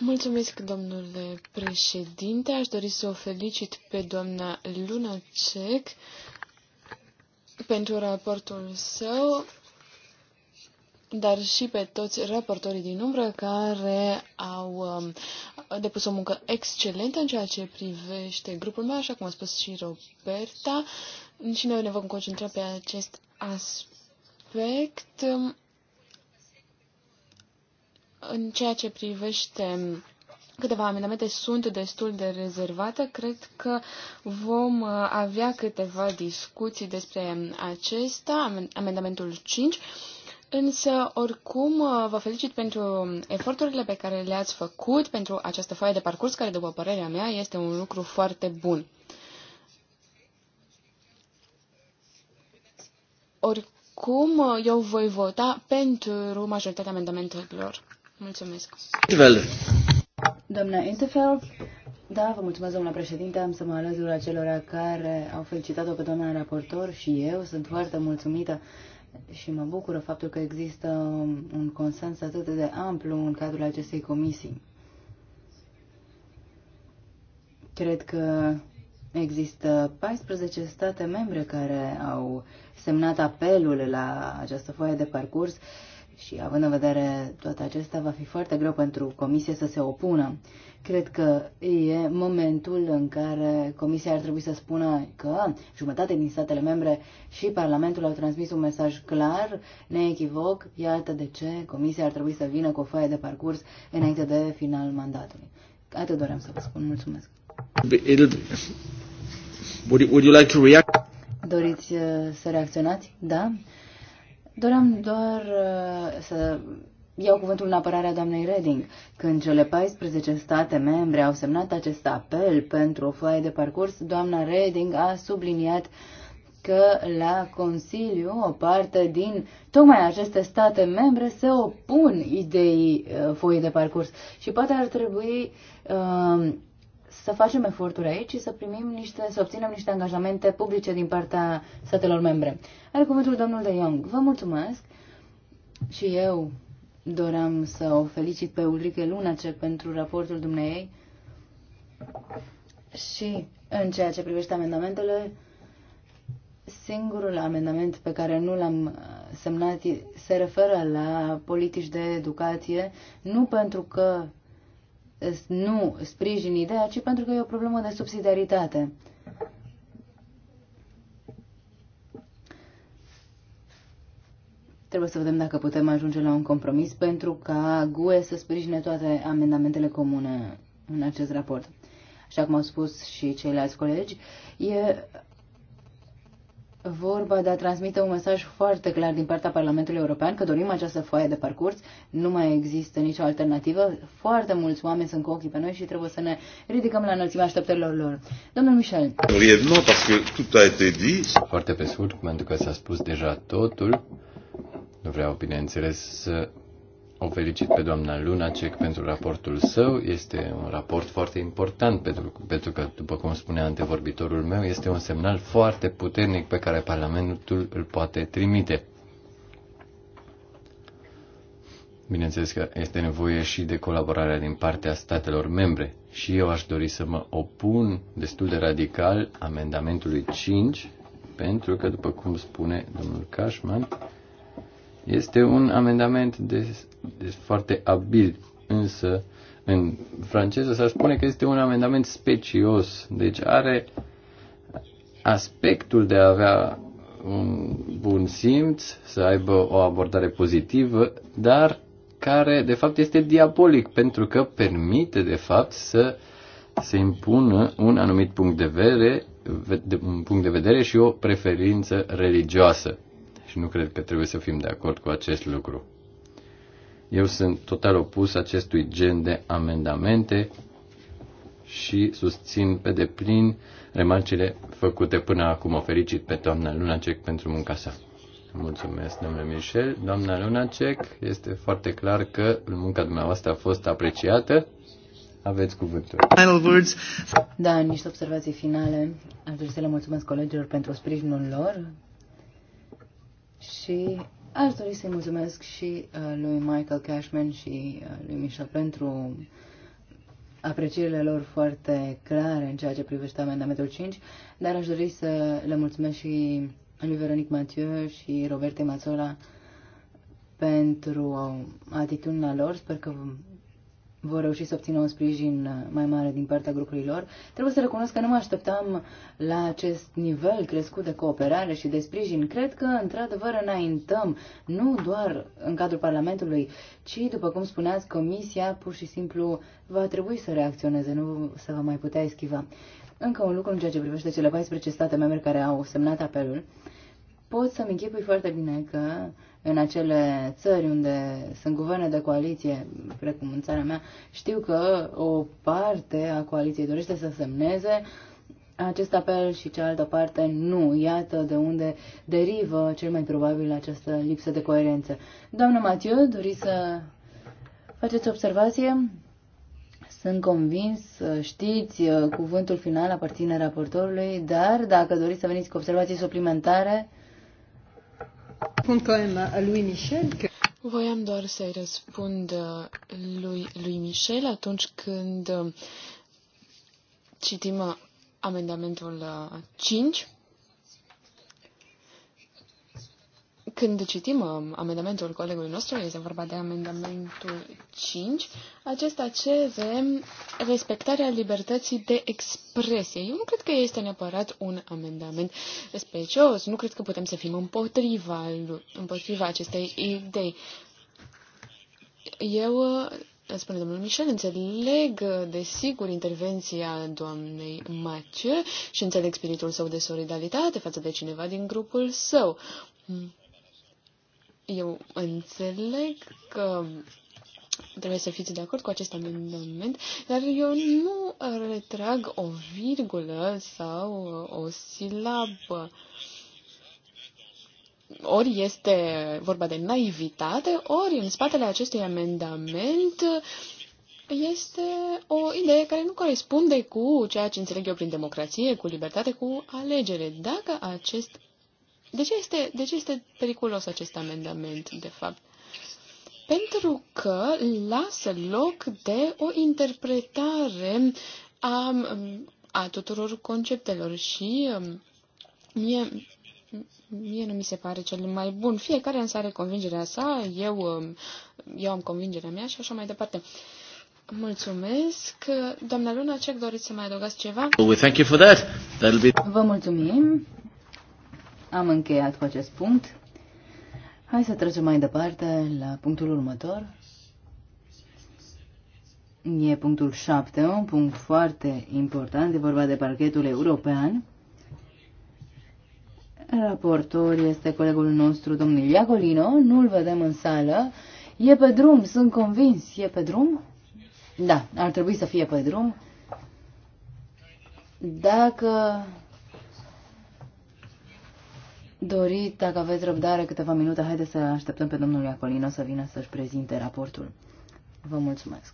Mulțumesc, domnule președinte. Aș dori să o felicit pe doamna Lunacek pentru raportul său, dar și pe toți raportorii din umbră care au um, depus o muncă excelentă în ceea ce privește grupul meu, așa cum a spus și Roberta. Și noi ne vom concentra pe acest aspect aspect în ceea ce privește câteva amendamente sunt destul de rezervate. Cred că vom uh, avea câteva discuții despre acesta, amendamentul 5. Însă, oricum, uh, vă felicit pentru eforturile pe care le-ați făcut pentru această foaie de parcurs, care, după părerea mea, este un lucru foarte bun. Oricum, uh, eu voi vota pentru majoritatea amendamentelor. Mulțumesc. Doamna Interfel,
da, vă mulțumesc, doamna președinte.
Am să mă alătur acelora
care au felicitat-o pe doamna raportor și eu sunt foarte mulțumită și mă bucură faptul că există un consens atât de amplu în cadrul acestei comisii. Cred că există 14 state membre care au semnat apelul la această foaie de parcurs și având în vedere toate acestea, va fi foarte greu pentru Comisie să se opună. Cred că e momentul în care Comisia ar trebui să spună că jumătate din statele membre și Parlamentul au transmis un mesaj clar, neechivoc, iată de ce Comisia ar trebui să vină cu o foaie de parcurs înainte de final mandatului. Atât doream să vă spun. Mulțumesc. Would you, would you like to react? Doriți uh, să reacționați? Da? Doream doar uh, să iau cuvântul în apărarea doamnei Reding. Când cele 14 state membre au semnat acest apel pentru o foaie de parcurs, doamna Reding a subliniat că la Consiliu o parte din tocmai aceste state membre se opun ideii uh, foii de parcurs și poate ar trebui uh, să facem eforturi aici și să primim niște, să obținem niște angajamente publice din partea statelor membre. Are cuvântul domnul De Jong. Vă mulțumesc și eu doream să o felicit pe Ulrike Lunace pentru raportul dumneei și în ceea ce privește amendamentele, singurul amendament pe care nu l-am uh, semnat se referă la politici de educație, nu pentru că nu sprijin ideea, ci pentru că e o problemă de subsidiaritate. Trebuie să vedem dacă putem ajunge la un compromis pentru ca GUE să sprijine toate amendamentele comune în acest raport. Așa cum au spus și ceilalți colegi, e vorba de a transmite un mesaj foarte clar din partea Parlamentului European că dorim această foaie de parcurs, nu mai există nicio alternativă, foarte mulți oameni sunt cu ochii pe noi și trebuie să ne ridicăm la înălțimea așteptărilor lor. Domnul Michel.
Foarte pe scurt, pentru că s-a spus deja totul, nu vreau, bineînțeles, să o felicit pe doamna Lunacek pentru raportul său. Este un raport foarte important pentru, pentru că, după cum spunea antevorbitorul meu, este un semnal foarte puternic pe care Parlamentul îl poate trimite. Bineînțeles că este nevoie și de colaborarea din partea statelor membre. Și eu aș dori să mă opun destul de radical amendamentului 5, pentru că, după cum spune domnul Cashman, este un amendament de, de foarte abil, însă în franceză s-ar spune că este un amendament specios, deci are aspectul de a avea un bun simț, să aibă o abordare pozitivă, dar care de fapt este diabolic pentru că permite de fapt să se impună un anumit punct de vedere, un punct de vedere și o preferință religioasă. Și nu cred că trebuie să fim de acord cu acest lucru. Eu sunt total opus acestui gen de amendamente și susțin pe deplin remarcile făcute până acum. O felicit pe doamna Lunacek pentru munca sa. Mulțumesc, domnule Michel. Doamna Lunacek, este foarte clar că munca dumneavoastră a fost apreciată. Aveți cuvântul. Final words.
Da, niște observații finale. Aș dori să le mulțumesc colegilor pentru sprijinul lor, și aș dori să-i mulțumesc și uh, lui Michael Cashman și uh, lui Mișa pentru aprecierile lor foarte clare în ceea ce privește amendamentul 5, dar aș dori să le mulțumesc și lui Veronic Mathieu și Roberte Mazzola pentru atitudinea lor. Sper că vor reuși să obțină un sprijin uh, mai mare din partea grupurilor. Trebuie să recunosc că nu mă așteptam la acest nivel crescut de cooperare și de sprijin. Cred că, într-adevăr, înaintăm, nu doar în cadrul Parlamentului, ci, după cum spuneați, Comisia pur și simplu va trebui să reacționeze, nu să vă mai putea eschiva. Încă un lucru în ceea ce privește cele 14 state membre care au semnat apelul pot să-mi închipui foarte bine că în acele țări unde sunt guverne de coaliție, precum în țara mea, știu că o parte a coaliției dorește să semneze acest apel și cealaltă parte nu. Iată de unde derivă cel mai probabil această lipsă de coerență. Doamna Matiu, doriți să faceți observație? Sunt convins, știți, cuvântul final aparține raportorului, dar dacă doriți să veniți cu observații suplimentare,
Uh, Voiam doar să-i răspund uh, lui, lui Michel atunci când uh, citim amendamentul 5 Când citim um, amendamentul colegului nostru, este vorba de amendamentul 5, acesta cere respectarea libertății de expresie. Eu nu cred că este neapărat un amendament specios, nu cred că putem să fim împotriva, împotriva acestei idei. Eu, uh, spune domnul Michel, înțeleg uh, desigur intervenția doamnei Mace și înțeleg spiritul său de solidaritate față de cineva din grupul său. Eu înțeleg că trebuie să fiți de acord cu acest amendament, dar eu nu retrag o virgulă sau o silabă. Ori este vorba de naivitate, ori în spatele acestui amendament este o idee care nu corespunde cu ceea ce înțeleg eu prin democrație, cu libertate, cu alegere. Dacă acest de ce este, de ce este periculos acest amendament, de fapt? Pentru că lasă loc de o interpretare a, a tuturor conceptelor și um, mie, mie nu mi se pare cel mai bun. Fiecare însă are convingerea sa, eu, um, eu am convingerea mea și așa mai departe. Mulțumesc. Doamna Luna, ce doriți să mai adăugați ceva?
Vă mulțumim. Am încheiat cu acest punct. Hai să trecem mai departe la punctul următor. E punctul 7, un punct foarte important, e vorba de parchetul european. Raportor este colegul nostru, domnul Iacolino, nu-l vedem în sală. E pe drum, sunt convins, e pe drum? Da, ar trebui să fie pe drum. Dacă dorit, dacă aveți răbdare, câteva minute, haideți să așteptăm pe domnul Iacolino să vină să-și prezinte raportul. Vă mulțumesc.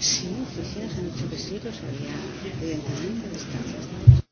Sí, sí, sí, los antiguos había, evidentemente, estaban.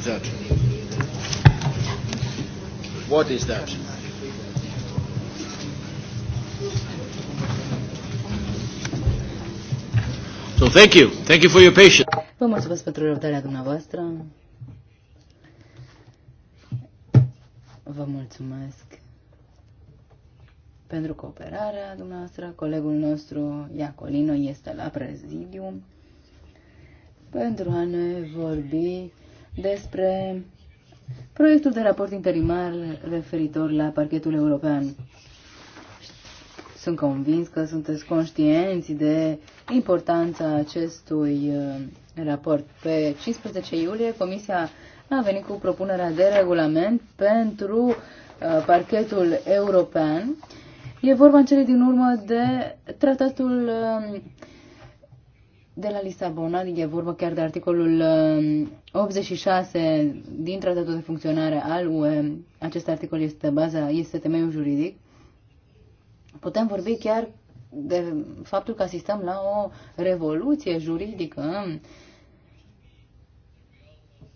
is that? What is that? So thank you. Thank you for your patience.
Vă mulțumesc pentru răbdarea dumneavoastră. Vă mulțumesc pentru cooperarea dumneavoastră. Colegul nostru, Iacolino, este la prezidiu pentru a ne vorbi despre proiectul de raport interimar referitor la parchetul european. Sunt convins că sunteți conștienți de importanța acestui uh, raport. Pe 15 iulie, Comisia a venit cu propunerea de regulament pentru uh, parchetul european. E vorba în cele din urmă de tratatul um, de la Lisabona, e vorba chiar de articolul 86 um, din Tratatul de Funcționare al UE, acest articol este baza, este temeiul juridic, putem vorbi chiar de faptul că asistăm la o revoluție juridică.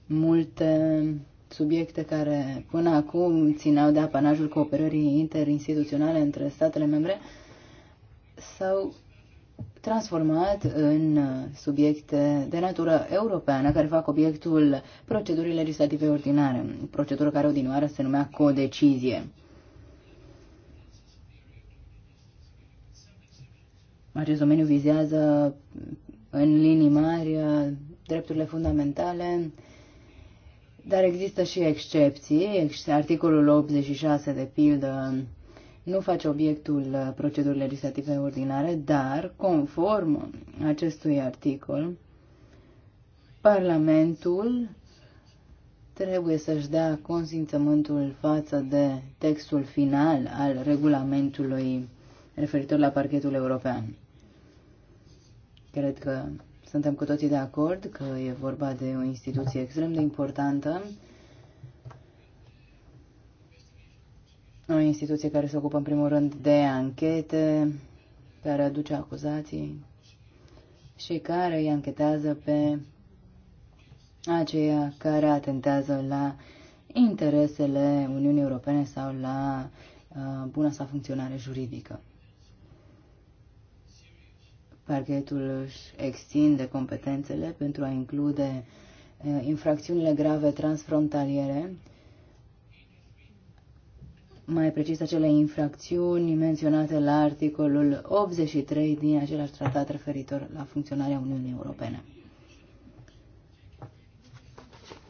Multe subiecte care până acum țineau de apanajul cooperării interinstituționale între statele membre s-au transformat în uh, subiecte de natură europeană care fac obiectul procedurii legislative ordinare, procedură care odinoară se numea codecizie. Acest domeniu vizează în linii mari uh, drepturile fundamentale, dar există și excepții. Articolul 86, de pildă, nu face obiectul uh, procedurii legislative ordinare, dar, conform acestui articol, Parlamentul trebuie să-și dea consimțământul față de textul final al regulamentului referitor la parchetul european. Cred că suntem cu toții de acord că e vorba de o instituție extrem de importantă o instituție care se ocupă în primul rând de anchete, care aduce acuzații și care îi anchetează pe aceia care atentează la interesele Uniunii Europene sau la uh, buna sa funcționare juridică. Parchetul își extinde competențele pentru a include uh, infracțiunile grave transfrontaliere mai precis acele infracțiuni menționate la articolul 83 din același tratat referitor la funcționarea Uniunii Europene.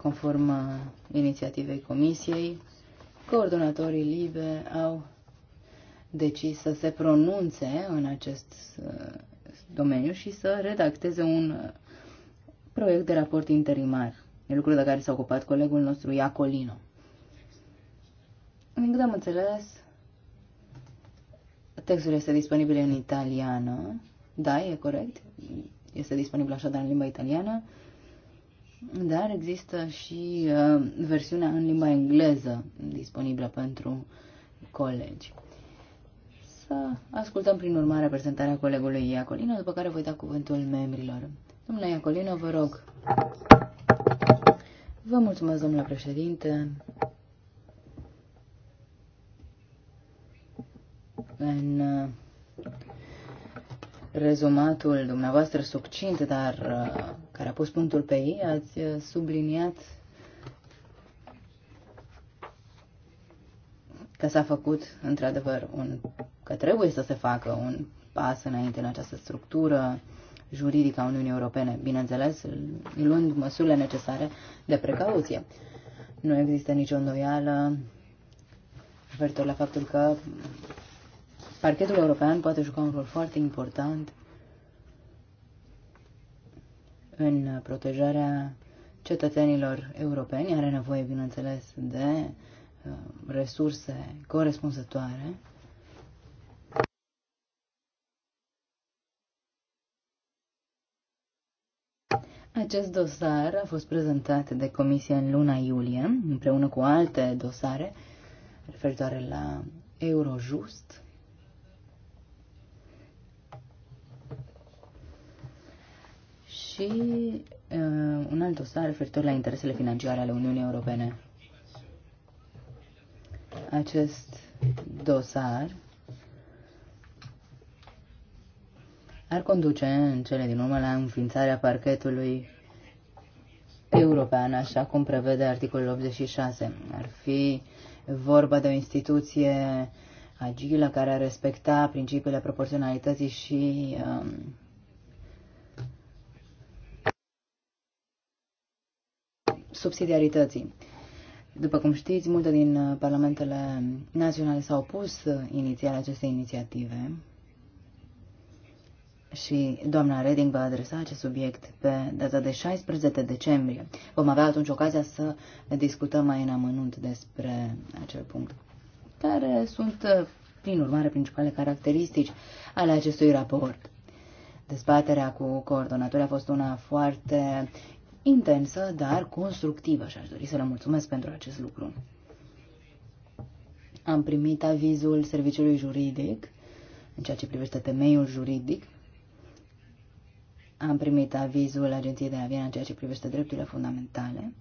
Conform uh, inițiativei Comisiei, coordonatorii LIBE au decis să se pronunțe în acest uh, domeniu și să redacteze un uh, proiect de raport interimar. E lucru de care s-a ocupat colegul nostru Iacolino. Din câte am înțeles, textul este disponibil în italiană. Da, e corect. Este disponibil așadar în limba italiană. Dar există și uh, versiunea în limba engleză disponibilă pentru colegi. Să ascultăm prin urmare prezentarea colegului Iacolino, după care voi da cuvântul membrilor. Domnule Iacolino, vă rog. Vă mulțumesc, domnule președinte. În uh, rezumatul dumneavoastră succint, dar uh, care a pus punctul pe ei, ați uh, subliniat că s-a făcut într-adevăr un, că trebuie să se facă un pas înainte în această structură juridică a Uniunii Europene, bineînțeles, luând măsurile necesare de precauție. Nu există nicio îndoială referitor la faptul că Parchetul european poate juca un rol foarte important în protejarea cetățenilor europeni. Are nevoie, bineînțeles, de uh, resurse corespunzătoare. Acest dosar a fost prezentat de Comisia în luna iulie, împreună cu alte dosare referitoare la Eurojust. și uh, un alt dosar referitor la interesele financiare ale Uniunii Europene. Acest dosar ar conduce în cele din urmă la înființarea parchetului european, așa cum prevede articolul 86. Ar fi vorba de o instituție agilă care ar respecta principiile proporționalității și um, subsidiarității. După cum știți, multe din uh, parlamentele naționale s-au opus uh, inițial aceste inițiative și doamna Reding va adresa acest subiect pe data de 16 decembrie. Vom avea atunci ocazia să discutăm mai în amănunt despre acel punct. Care sunt, uh, prin urmare, principale caracteristici ale acestui raport? Dezbaterea cu coordonatorii a fost una foarte intensă, dar constructivă și aș dori să le mulțumesc pentru acest lucru. Am primit avizul serviciului juridic în ceea ce privește temeiul juridic. Am primit avizul Agenției de la în ceea ce privește drepturile fundamentale.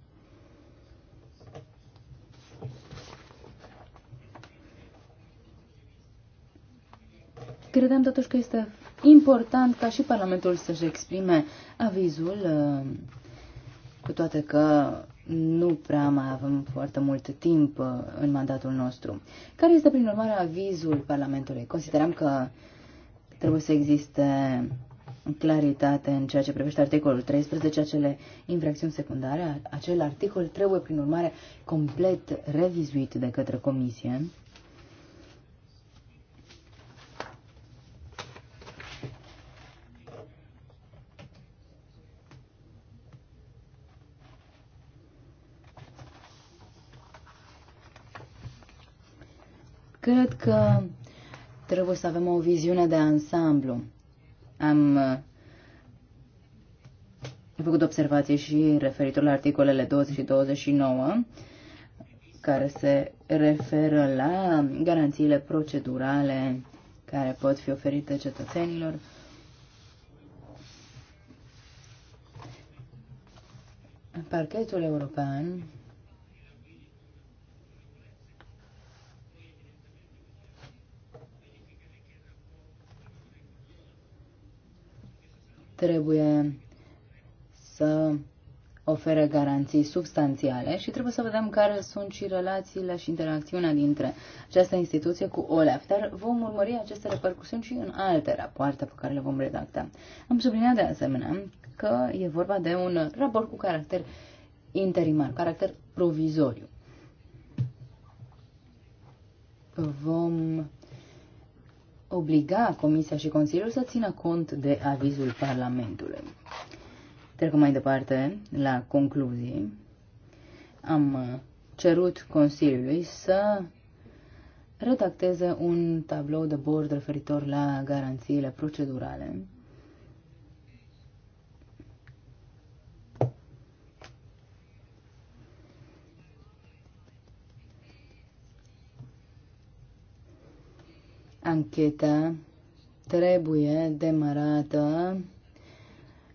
Credeam totuși că este important ca și Parlamentul să-și exprime avizul uh, cu toate că nu prea mai avem foarte mult timp uh, în mandatul nostru. Care este, prin urmare, avizul Parlamentului? Considerăm că trebuie să existe claritate în ceea ce privește articolul 13, acele infracțiuni secundare. Acel articol trebuie, prin urmare, complet revizuit de către Comisie. Cred că trebuie să avem o viziune de ansamblu. Am uh, făcut observații și referitor la articolele 20 și 29, care se referă la garanțiile procedurale care pot fi oferite cetățenilor. Parchetul european trebuie să ofere garanții substanțiale și trebuie să vedem care sunt și relațiile și interacțiunea dintre această instituție cu OLAF, dar vom urmări aceste repercusiuni și în alte rapoarte pe care le vom redacta. Am subliniat de asemenea că e vorba de un raport cu caracter interimar, caracter provizoriu. Vom obliga Comisia și Consiliul să țină cont de avizul Parlamentului. Trecând mai departe la concluzii, am uh, cerut Consiliului să redacteze un tablou de bord referitor la garanțiile procedurale Anchetă trebuie demarată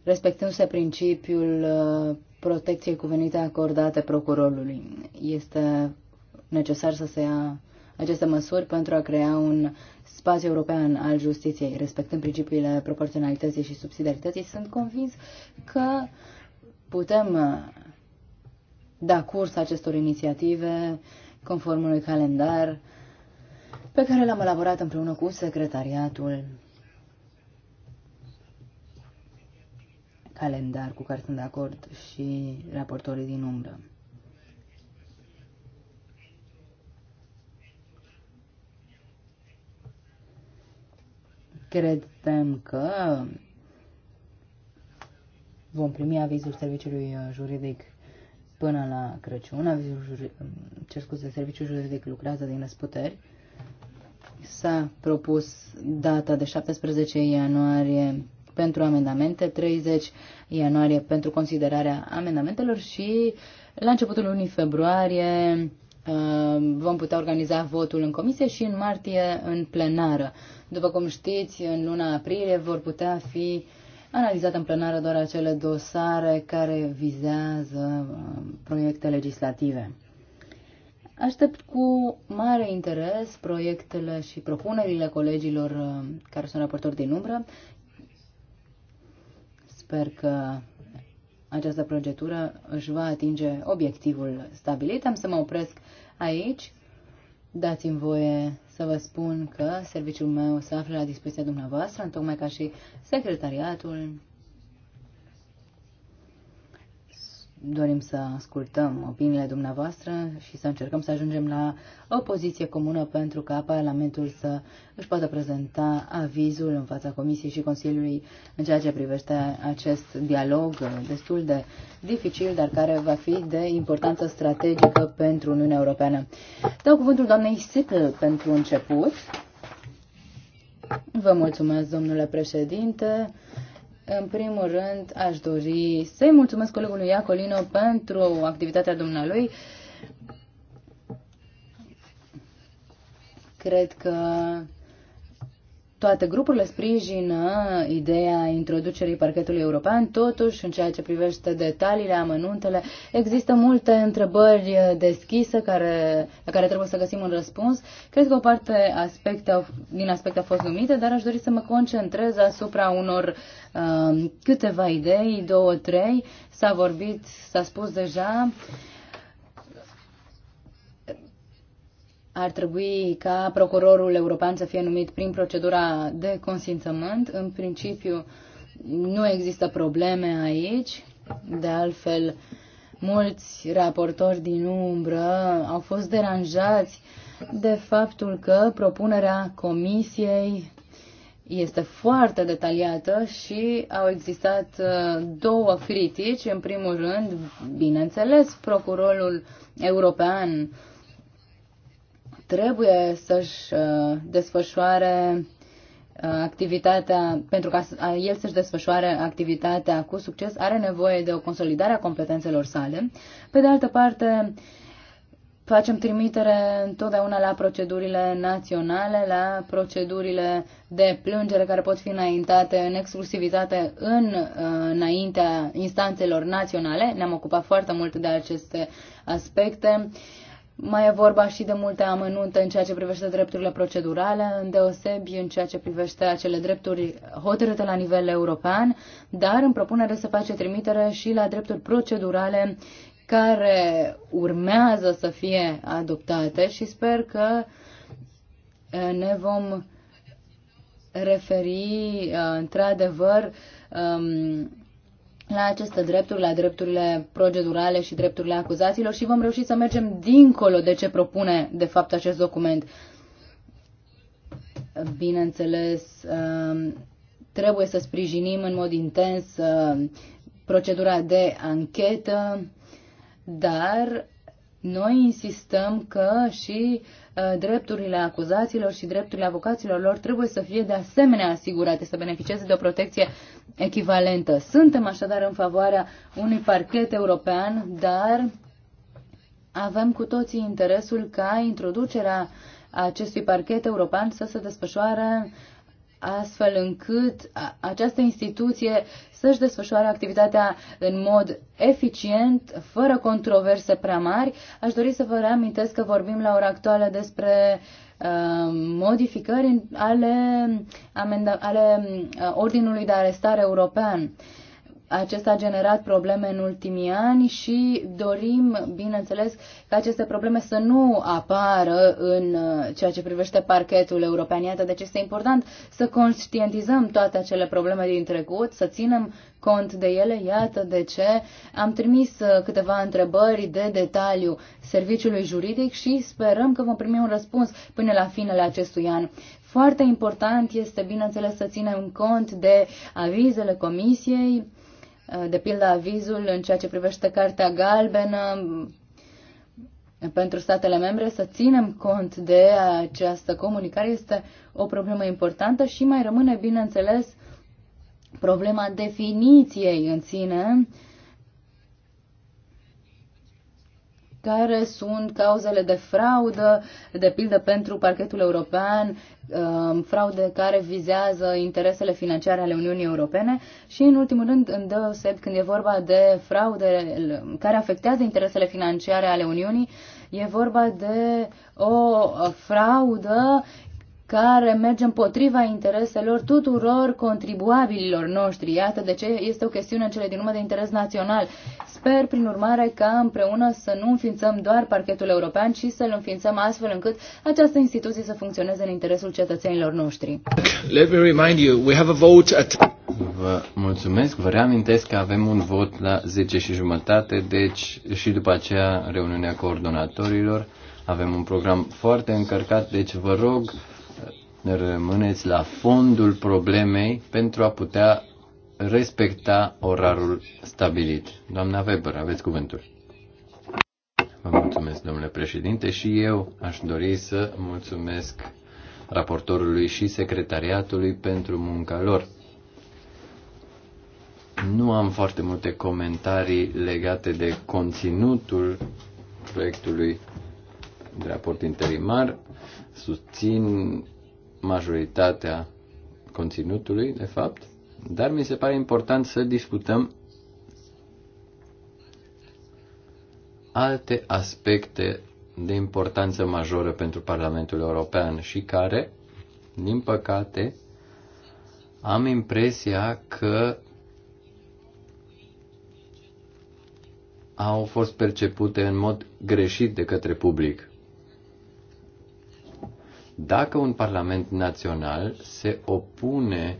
respectându-se principiul uh, protecției cuvenite acordate procurorului. Este necesar să se ia aceste măsuri pentru a crea un spațiu european al justiției, respectând principiile proporționalității și subsidiarității. Sunt convins că putem uh, da curs acestor inițiative conform unui calendar pe care l-am elaborat împreună cu secretariatul. calendar cu care sunt de acord și raportorii din umbră. Credem că vom primi avizul serviciului juridic până la Crăciun. Avizul juridic, cer scuze, serviciul juridic lucrează din răsputeri s-a propus data de 17 ianuarie pentru amendamente, 30 ianuarie pentru considerarea amendamentelor și la începutul lunii februarie uh, vom putea organiza votul în comisie și în martie în plenară. După cum știți, în luna aprilie vor putea fi analizate în plenară doar acele dosare care vizează uh, proiecte legislative. Aștept cu mare interes proiectele și propunerile colegilor uh, care sunt raportori din umbră. Sper că această proiectură își va atinge obiectivul stabilit. Am să mă opresc aici. Dați-mi voie să vă spun că serviciul meu se află la dispoziția dumneavoastră, tocmai ca și secretariatul dorim să ascultăm opiniile dumneavoastră și să încercăm să ajungem la o poziție comună pentru ca Parlamentul să își poată prezenta avizul în fața Comisiei și Consiliului în ceea ce privește acest dialog destul de dificil, dar care va fi de importanță strategică pentru Uniunea Europeană. Dau cuvântul doamnei Sipel pentru început. Vă mulțumesc, domnule președinte. În primul rând, aș dori să-i mulțumesc colegului Iacolino pentru activitatea dumnealui. Cred că toate grupurile sprijină ideea introducerii parchetului european, totuși, în ceea ce privește detaliile, amănuntele, există multe întrebări deschise care, la care trebuie să găsim un răspuns. Cred că o parte aspecte au, din aspecte au fost numite, dar aș dori să mă concentrez asupra unor uh, câteva idei, două, trei. S-a vorbit, s-a spus deja. Uh, ar trebui ca procurorul european să fie numit prin procedura de consimțământ. În principiu, nu există probleme aici. De altfel, mulți raportori din umbră au fost deranjați de faptul că propunerea comisiei este foarte detaliată și au existat uh, două critici. În primul rând, bineînțeles, procurorul european trebuie să-și uh, desfășoare uh, activitatea, pentru ca el să-și desfășoare activitatea cu succes, are nevoie de o consolidare a competențelor sale. Pe de altă parte, facem trimitere întotdeauna la procedurile naționale, la procedurile de plângere care pot fi înaintate în exclusivitate în, uh, înaintea instanțelor naționale. Ne-am ocupat foarte mult de aceste aspecte. Uh, mai e vorba și de multe amănunte în ceea ce privește drepturile procedurale, îndeosebi în ceea ce privește acele drepturi hotărâte la nivel european, dar în propunere se face trimitere și la drepturi procedurale care urmează să fie adoptate și sper că eh, ne vom referi eh, într-adevăr ehm, la aceste drepturi, la drepturile procedurale și drepturile acuzaților și vom reuși să mergem dincolo de ce propune, de fapt, acest document. Bineînțeles, um, trebuie să sprijinim în mod intens um, procedura de anchetă, dar noi insistăm că și uh, Uh, drepturile acuzaților și drepturile avocaților lor trebuie să fie de asemenea asigurate, să beneficieze de o protecție echivalentă. Suntem așadar în favoarea unui parchet european, dar avem cu toții interesul ca introducerea acestui parchet european să se desfășoare astfel încât această instituție să-și desfășoare activitatea în mod eficient, fără controverse prea mari. Aș dori să vă reamintesc că vorbim la ora actuală despre uh, modificări ale, ale uh, ordinului de arestare european. Acesta a generat probleme în ultimii ani și dorim, bineînțeles, ca aceste probleme să nu apară în uh, ceea ce privește parchetul european. Iată, deci este important să conștientizăm toate acele probleme din trecut, să ținem cont de ele. Iată de ce am trimis uh, câteva întrebări de detaliu serviciului juridic și sperăm că vom primi un răspuns până la finele acestui an. Foarte important este, bineînțeles, să ținem cont de avizele comisiei, Eh, de pildă avizul în ceea ce privește Cartea Galbenă mm, pentru statele membre, să ținem cont de această comunicare este o problemă importantă și mai rămâne, bineînțeles, problema definiției în sine care sunt cauzele de fraudă, de pildă pentru parchetul european, um, fraude care vizează interesele financiare ale Uniunii Europene și, în ultimul rând, îndeoseb când e vorba de fraude care afectează interesele financiare ale Uniunii, e vorba de o fraudă care merge împotriva intereselor tuturor contribuabililor noștri. Iată de ce este o chestiune în cele din urmă de interes național. Sper, prin urmare, ca împreună să nu înființăm doar parchetul european, ci să-l înființăm astfel încât această instituție să funcționeze în interesul cetățenilor noștri.
Let me remind you, we have a vote at... Vă mulțumesc, vă reamintesc că avem un vot la 10 și jumătate, deci și după aceea reuniunea coordonatorilor. Avem un program foarte încărcat, deci vă rog rămâneți la fondul problemei pentru a putea respecta orarul stabilit. Doamna Weber, aveți cuvântul. Vă mulțumesc, domnule președinte, și eu aș dori să mulțumesc raportorului și secretariatului pentru munca lor. Nu am foarte multe comentarii legate de conținutul proiectului de raport interimar. Susțin majoritatea conținutului, de fapt, dar mi se pare important să discutăm alte aspecte de importanță majoră pentru Parlamentul European și care, din păcate, am impresia că au fost percepute în mod greșit de către public. Dacă un parlament național se opune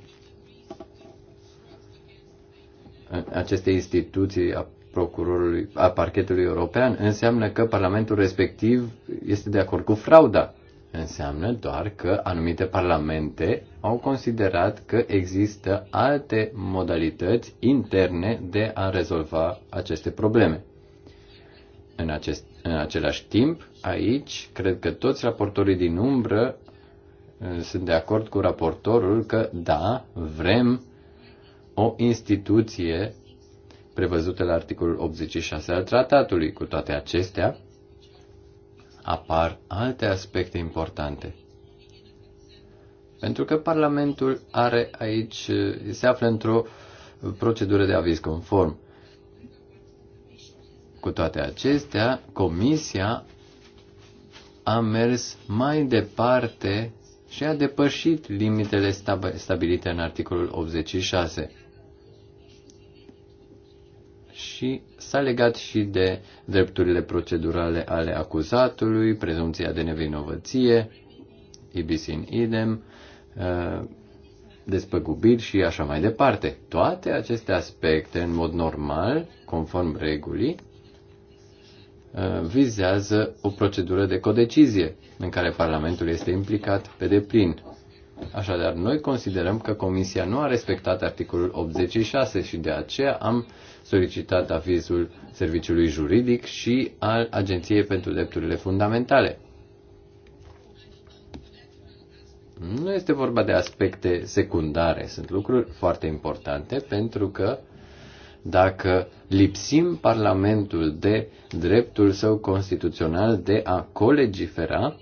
acestei instituții a procurorului, a parchetului european, înseamnă că parlamentul respectiv este de acord cu frauda. Înseamnă doar că anumite parlamente au considerat că există alte modalități interne de a rezolva aceste probleme. În acest în același timp, aici, cred că toți raportorii din umbră uh, sunt de acord cu raportorul că, da, vrem o instituție prevăzută la articolul 86 al tratatului. Cu toate acestea, apar alte aspecte importante. Pentru că Parlamentul are aici, uh, se află într-o procedură de aviz conform. Cu toate acestea, Comisia a mers mai departe și a depășit limitele stabilite în articolul 86 și s-a legat și de drepturile procedurale ale acuzatului, prezumția de nevinovăție, ibis in idem, uh, despăgubiri și așa mai departe. Toate aceste aspecte, în mod normal, conform regulii, Uh, vizează o procedură de codecizie în care Parlamentul este implicat pe deplin. Așadar, noi considerăm că Comisia nu a respectat articolul 86 și de aceea am solicitat avizul Serviciului Juridic și al Agenției pentru Drepturile Fundamentale. Nu este vorba de aspecte secundare, sunt lucruri foarte importante pentru că dacă lipsim Parlamentul de dreptul său constituțional de a colegifera,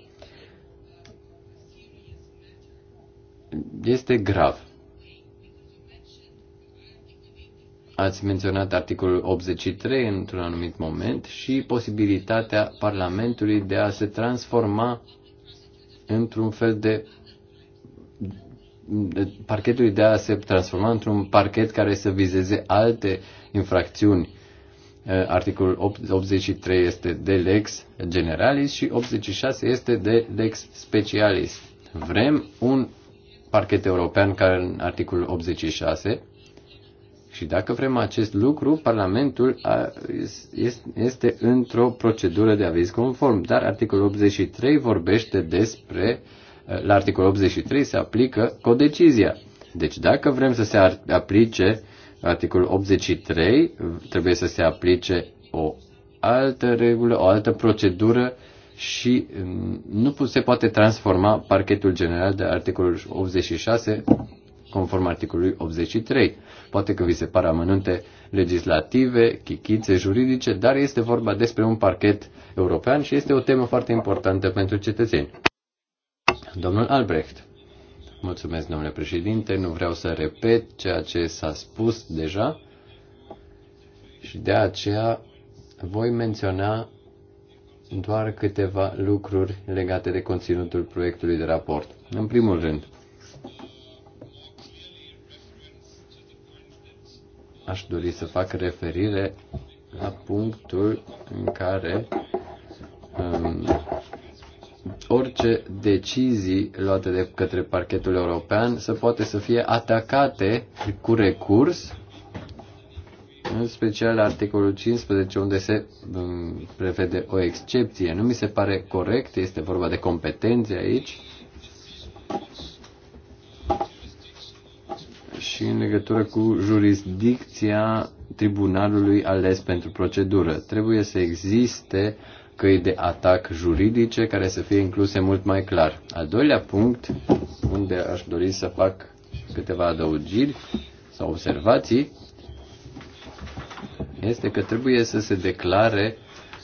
este grav. Ați menționat articolul 83 într-un anumit moment și posibilitatea Parlamentului de a se transforma într-un fel de parchetul de se transforma într-un parchet care să vizeze alte infracțiuni. Eh, articolul 83 este de lex generalis și 86 este de lex specialis. Vrem un parchet european care în articolul 86 și dacă vrem acest lucru, Parlamentul este într-o procedură de aviz conform. Dar articolul 83 vorbește despre uh, la articolul 83 se aplică codecizia. Deci dacă vrem să se aplice articolul 83, trebuie să se aplice o altă regulă, o altă procedură și mm, nu se poate transforma parchetul general de articolul 86 conform articolului 83. Poate că vi se par amănunte legislative, chichițe juridice, dar este vorba despre un parchet european și este o temă foarte importantă pentru cetățeni. Domnul Albrecht. Mulțumesc, domnule președinte. Nu vreau să repet ceea ce s-a spus deja și de aceea voi menționa doar câteva lucruri legate de conținutul proiectului de raport. În primul rând, aș dori să fac referire la punctul în care um, orice decizii luate de către parchetul european să poate să fie atacate cu recurs, în special articolul 15, unde se mm, prevede o excepție. Nu mi se pare corect, este vorba de competențe aici. Și în legătură cu jurisdicția tribunalului ales pentru procedură. Trebuie să existe căi de atac juridice care să fie incluse mult mai clar. Al doilea punct, unde aș dori să fac câteva adăugiri sau observații, este că trebuie să se declare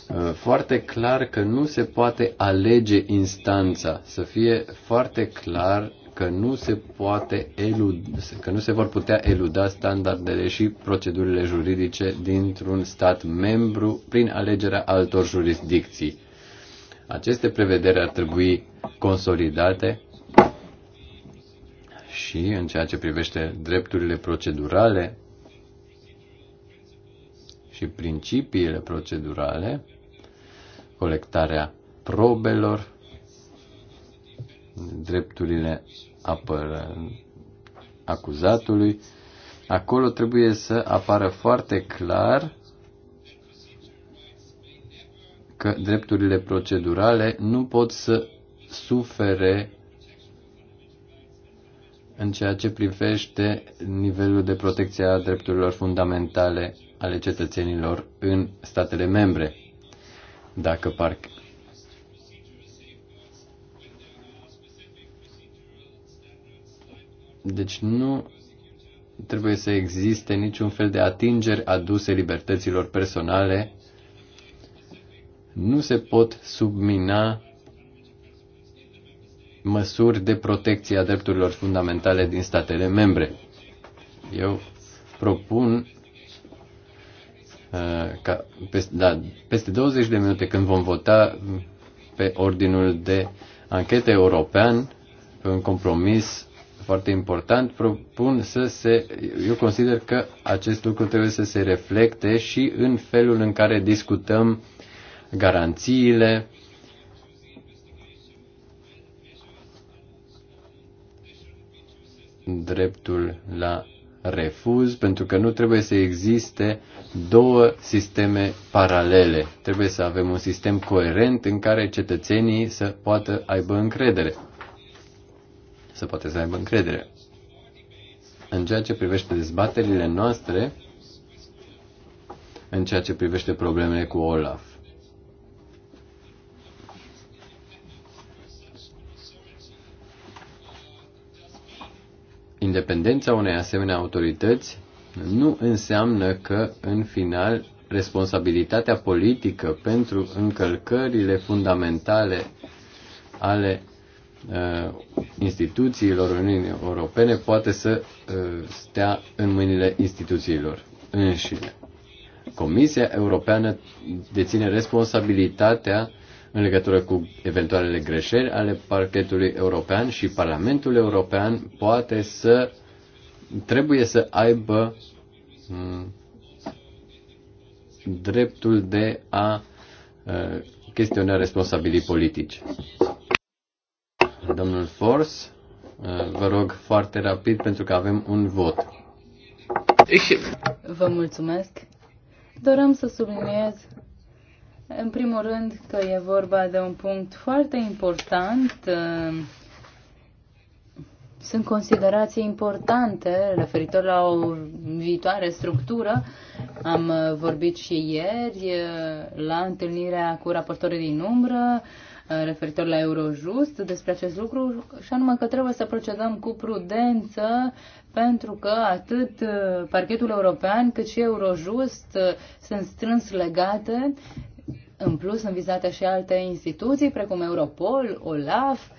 uh, foarte clar că nu se poate alege instanța, să fie foarte clar că nu se, poate elud, că nu se vor putea eluda standardele și procedurile juridice dintr-un stat membru prin alegerea altor jurisdicții. Aceste prevederi ar trebui consolidate și în ceea ce privește drepturile procedurale și principiile procedurale, colectarea probelor, drepturile apără acuzatului. Acolo trebuie să apară foarte clar că drepturile procedurale nu pot să sufere în ceea ce privește nivelul de protecție a drepturilor fundamentale ale cetățenilor în statele membre. Dacă Deci nu trebuie să existe niciun fel de atingeri aduse libertăților personale. Nu se pot submina măsuri de protecție a drepturilor fundamentale din statele membre. Eu propun uh, ca peste, da, peste 20 de minute când vom vota pe ordinul de anchetă european, pe un compromis foarte important, propun să se, eu consider că acest lucru trebuie să se reflecte și în felul în care discutăm garanțiile, dreptul la refuz, pentru că nu trebuie să existe două sisteme paralele. Trebuie să avem un sistem coerent în care cetățenii să poată aibă încredere să poate să aibă încredere. În ceea ce privește dezbaterile noastre, în ceea ce privește problemele cu Olaf. Independența unei asemenea autorități nu înseamnă că, în final, responsabilitatea politică pentru încălcările fundamentale ale Uh, instituțiilor Uniunii Europene poate să uh, stea în mâinile instituțiilor înșine. Comisia Europeană deține responsabilitatea în legătură cu eventualele greșeli ale parchetului european și Parlamentul European poate să trebuie să aibă mm, dreptul de a uh, chestiona responsabilii politici. Domnul Force, uh, vă rog foarte rapid pentru că avem un vot.
Vă mulțumesc. Dorăm să subliniez în primul rând că e vorba de un punct foarte important. Uh, sunt considerații importante referitor la o viitoare structură. Am uh, vorbit și ieri la întâlnirea cu raportorii din umbră. Uh, referitor la Eurojust despre acest lucru și anume că trebuie să procedăm cu prudență pentru că atât uh, parchetul european cât și Eurojust uh, sunt strâns legate. În plus sunt vizate și alte instituții precum Europol, OLAF.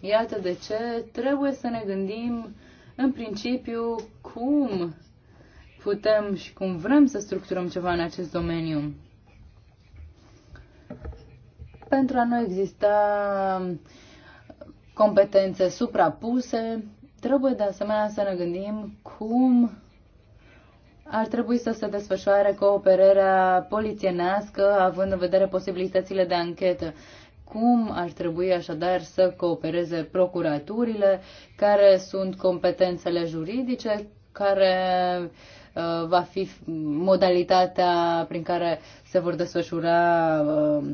Iată de ce trebuie să ne gândim în principiu cum putem și cum vrem să structurăm ceva în acest domeniu pentru a nu exista competențe suprapuse. Trebuie de asemenea să ne gândim cum ar trebui să se desfășoare cooperarea polițienească, având în vedere posibilitățile de anchetă. Cum ar trebui așadar să coopereze procuraturile, care sunt competențele juridice, care uh, Uh, va fi modalitatea prin care se vor desfășura uh,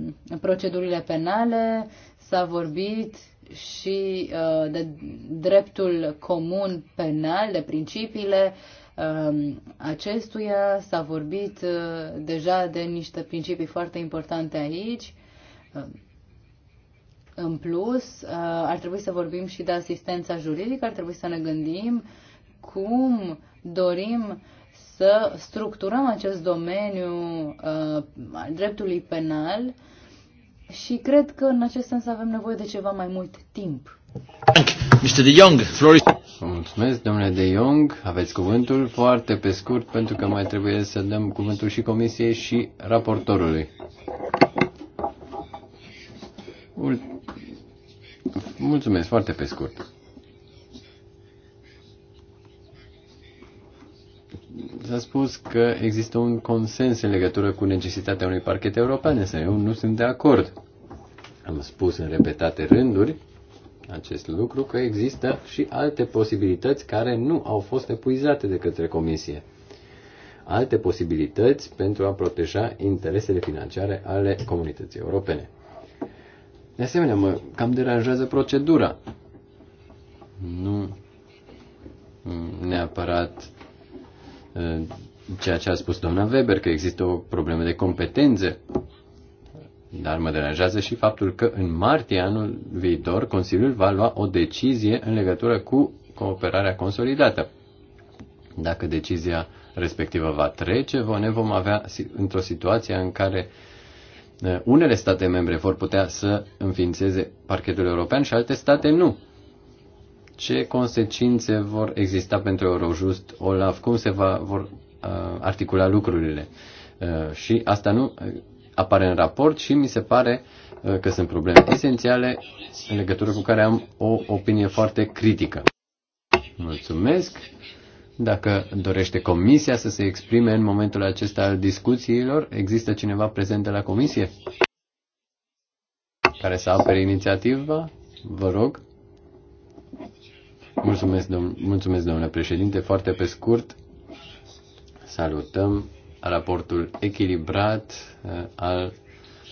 procedurile penale. S-a vorbit și uh, de dreptul comun penal, de principiile um, acestuia. S-a vorbit deja de niște principii foarte importante aici. În plus, ar trebui să vorbim și de asistența juridică, ar trebui să ne gândim cum dorim să structurăm acest domeniu uh, al dreptului penal și cred că în acest sens avem nevoie de ceva mai mult timp.
Mr. De Jong, Floris. mulțumesc, domnule De Jong. Aveți cuvântul foarte pe scurt, pentru că mai trebuie să dăm cuvântul și comisiei și raportorului. Mulțumesc, foarte pe scurt. s-a spus că există un consens în legătură cu necesitatea unui parchet european, însă eu nu sunt de acord. Am spus în repetate rânduri acest lucru că există și alte posibilități care nu au fost epuizate de către Comisie. Alte posibilități pentru a proteja interesele financiare ale comunității europene. De asemenea, mă cam deranjează procedura. Nu neapărat ceea ce a spus doamna Weber, că există o problemă de competențe. Dar mă deranjează și faptul că în martie anul viitor Consiliul va lua o decizie în legătură cu cooperarea consolidată. Dacă decizia respectivă va trece, ne vom avea într-o situație în care eh, unele state membre vor putea să înființeze parchetul european și alte state nu. Ce consecințe vor exista pentru Eurojust, Olaf? Cum se va, vor uh, articula lucrurile? Uh, și asta nu uh, apare în raport și mi se pare uh, că sunt probleme esențiale în legătură cu care am o opinie foarte critică. Mulțumesc! Dacă dorește comisia să se exprime în momentul acesta al discuțiilor, există cineva prezent de la comisie care să apere inițiativa? Vă rog. Mulțumesc, mulțumesc domnule președinte. Foarte pe scurt, salutăm raportul echilibrat uh, al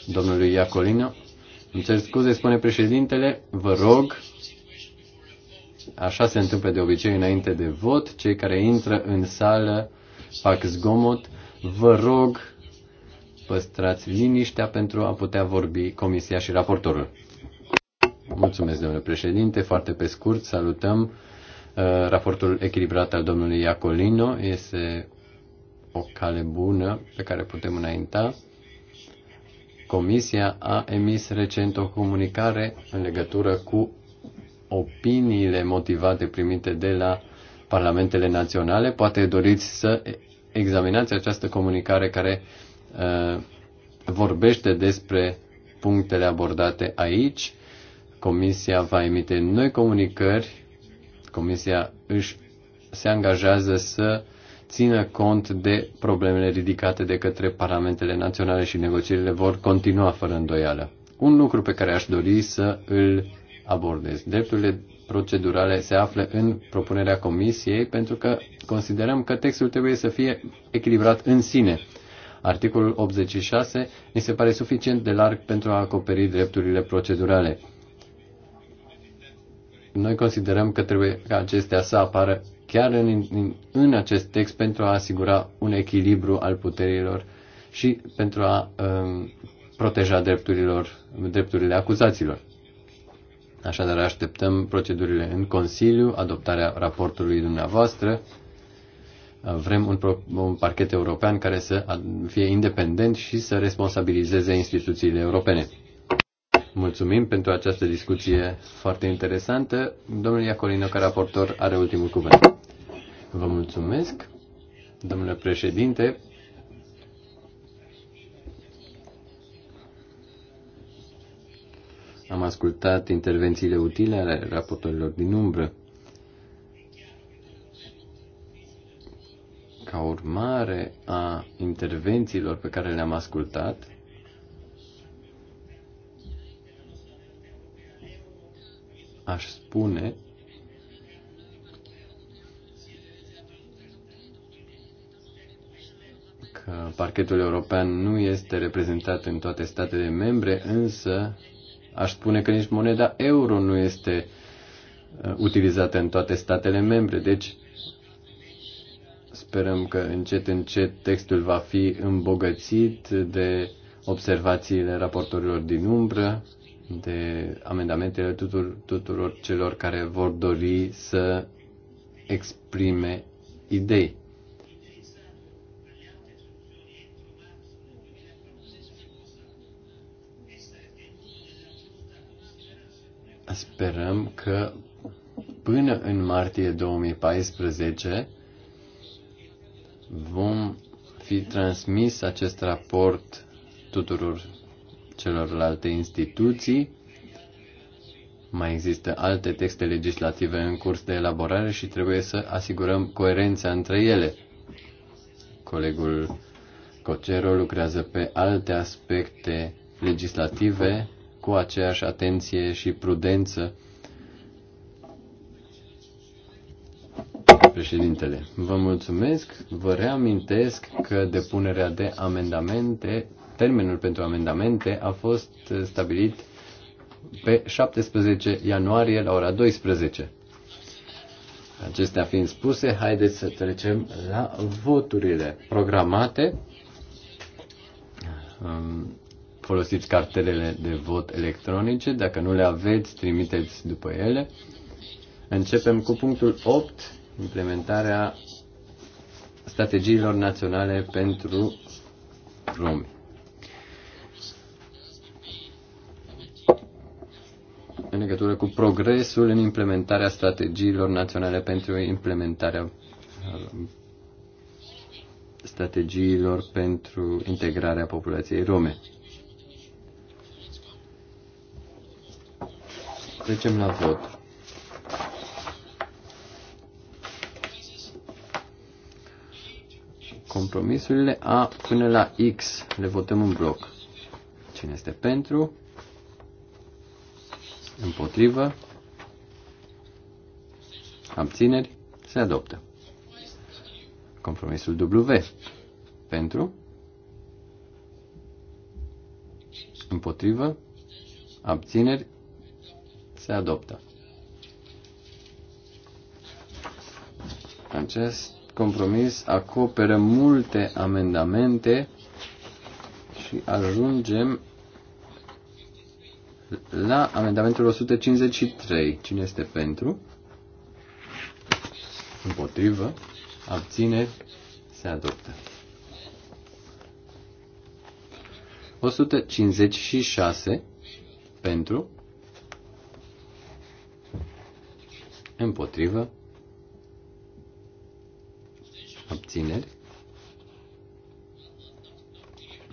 domnului Iacolino. Îmi cer scuze, spune președintele, vă rog, așa se întâmplă de obicei înainte de vot, cei care intră în sală fac zgomot, vă rog, păstrați liniștea pentru a putea vorbi comisia și raportorul. Mulțumesc, domnule președinte. Foarte pe scurt, salutăm uh, raportul echilibrat al domnului Iacolino. Este o cale bună pe care putem înainta. Comisia a emis recent o comunicare în legătură cu opiniile motivate primite de la parlamentele naționale. Poate doriți să examinați această comunicare care uh, vorbește despre punctele abordate aici Comisia va emite noi comunicări. Comisia își se angajează să țină cont de problemele ridicate de către parlamentele naționale și negocierile vor continua fără îndoială. Un lucru pe care aș dori să îl abordez. Drepturile procedurale se află în propunerea comisiei pentru că considerăm că textul trebuie să fie echilibrat în sine. Articolul 86 ni se pare suficient de larg pentru a acoperi drepturile procedurale noi considerăm că trebuie ca acestea să apară chiar în, în, în acest text pentru a asigura un echilibru al puterilor și pentru a um, proteja drepturilor, drepturile acuzaților. Așadar, așteptăm procedurile în Consiliu, adoptarea raportului dumneavoastră. Vrem un, un parchet european care să fie independent și să responsabilizeze instituțiile europene. Mulțumim pentru această discuție foarte interesantă. Domnul Iacolino, ca raportor, are ultimul cuvânt. Vă mulțumesc, domnule președinte. Am ascultat intervențiile utile ale raportorilor din umbră. Ca urmare a intervențiilor pe care le-am ascultat, aș spune că parchetul european nu este reprezentat în toate statele membre, însă aș spune că nici moneda euro nu este uh, utilizată în toate statele membre. Deci sperăm că încet, încet textul va fi îmbogățit de observațiile raportorilor din umbră de amendamentele tuturor, tuturor celor care vor dori să exprime idei. Sperăm că până în martie 2014 vom fi transmis acest raport tuturor celorlalte instituții. Mai există alte texte legislative în curs de elaborare și trebuie să asigurăm coerența între ele. Colegul Cocero lucrează pe alte aspecte legislative cu aceeași atenție și prudență. Președintele, vă mulțumesc, vă reamintesc că depunerea de amendamente termenul pentru amendamente a fost uh, stabilit pe 17 ianuarie la ora 12. Acestea fiind spuse, haideți să trecem la voturile programate. Um, folosiți cartelele de vot electronice, dacă nu le aveți, trimiteți după ele. Începem cu punctul 8, implementarea strategiilor naționale pentru romi. în legătură cu progresul în implementarea strategiilor naționale pentru implementarea uh, strategiilor pentru integrarea populației rome. Trecem la vot. Compromisurile A până la X le votăm în bloc. Cine este pentru? Împotrivă. Abțineri. Se adoptă. Compromisul W. Pentru. Împotrivă. Abțineri. Se adoptă. Acest compromis acoperă multe amendamente și ajungem la amendamentul 153. Cine este pentru? Împotrivă. Abține. Se adoptă. 156 pentru. Împotrivă. Abțineri.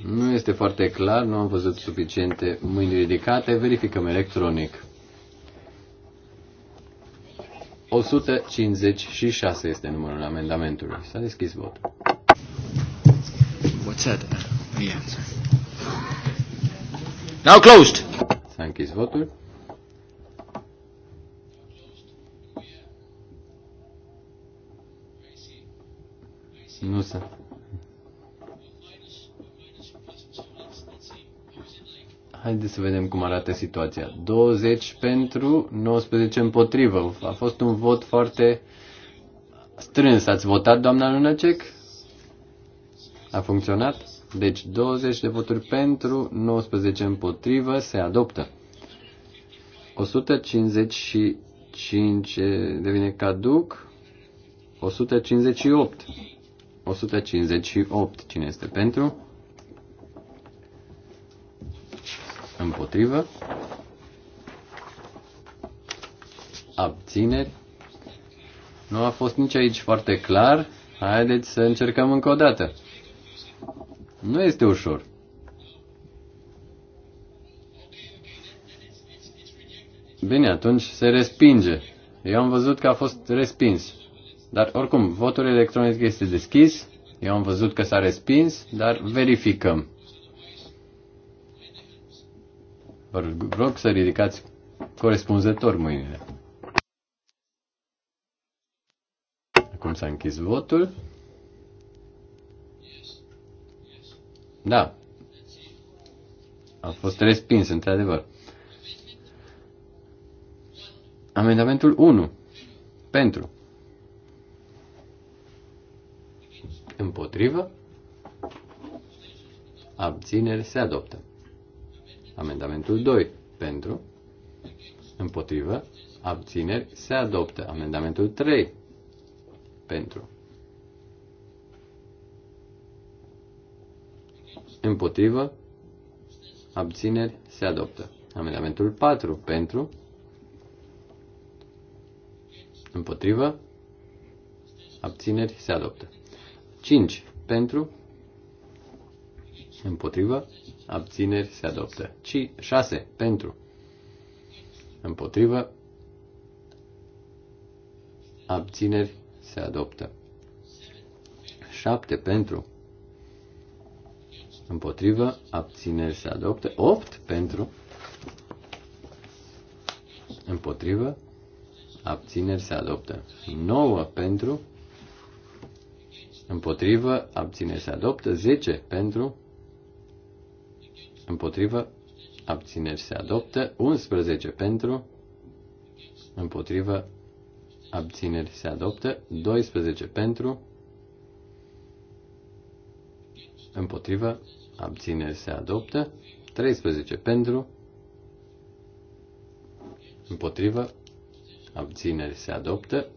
Nu este foarte clar, nu am văzut suficiente mâini ridicate. Verificăm electronic. 156 este numărul amendamentului. S-a deschis vot. What's that? Yeah. Now closed. S-a închis votul. Nu s-a. Haideți să vedem cum arată situația. 20 pentru, 19 împotrivă. A fost un vot foarte strâns. Ați votat, doamna Lunacek? A funcționat? Deci 20 de voturi pentru, 19 împotrivă, se adoptă. 155 devine caduc. 158. 158. Cine este pentru? Împotrivă. Abțineri. Nu a fost nici aici foarte clar. Haideți să încercăm încă o dată. Nu este ușor. Bine, atunci se respinge. Eu am văzut că a fost respins. Dar oricum, votul electronic este deschis. Eu am văzut că s-a respins, dar verificăm. Vă rog să ridicați corespunzător mâinile. Acum s-a închis votul. Da. A fost respins, într-adevăr. Amendamentul 1. Pentru. Împotrivă. Abținere se adoptă. Amendamentul 2. Pentru. Împotrivă. Abțineri. Se adoptă. Amendamentul 3. Pentru. Împotrivă. Abțineri. Se adoptă. Amendamentul 4. Pentru. Împotrivă. Abțineri. Se adoptă. 5. Pentru. Împotrivă abțineri, se adoptă. ci 6 pentru, împotrivă, abțineri, se adoptă. 7 pentru, împotrivă, abțineri, se adoptă. 8 pentru, împotrivă, abțineri, se adoptă. 9 pentru, împotrivă, abțineri, se adoptă. 10 pentru, împotrivă, abțineri se adoptă, 11 pentru, împotrivă, abțineri se adoptă, 12 pentru, împotrivă, abțineri se adoptă, 13 pentru, împotrivă, abțineri se adoptă,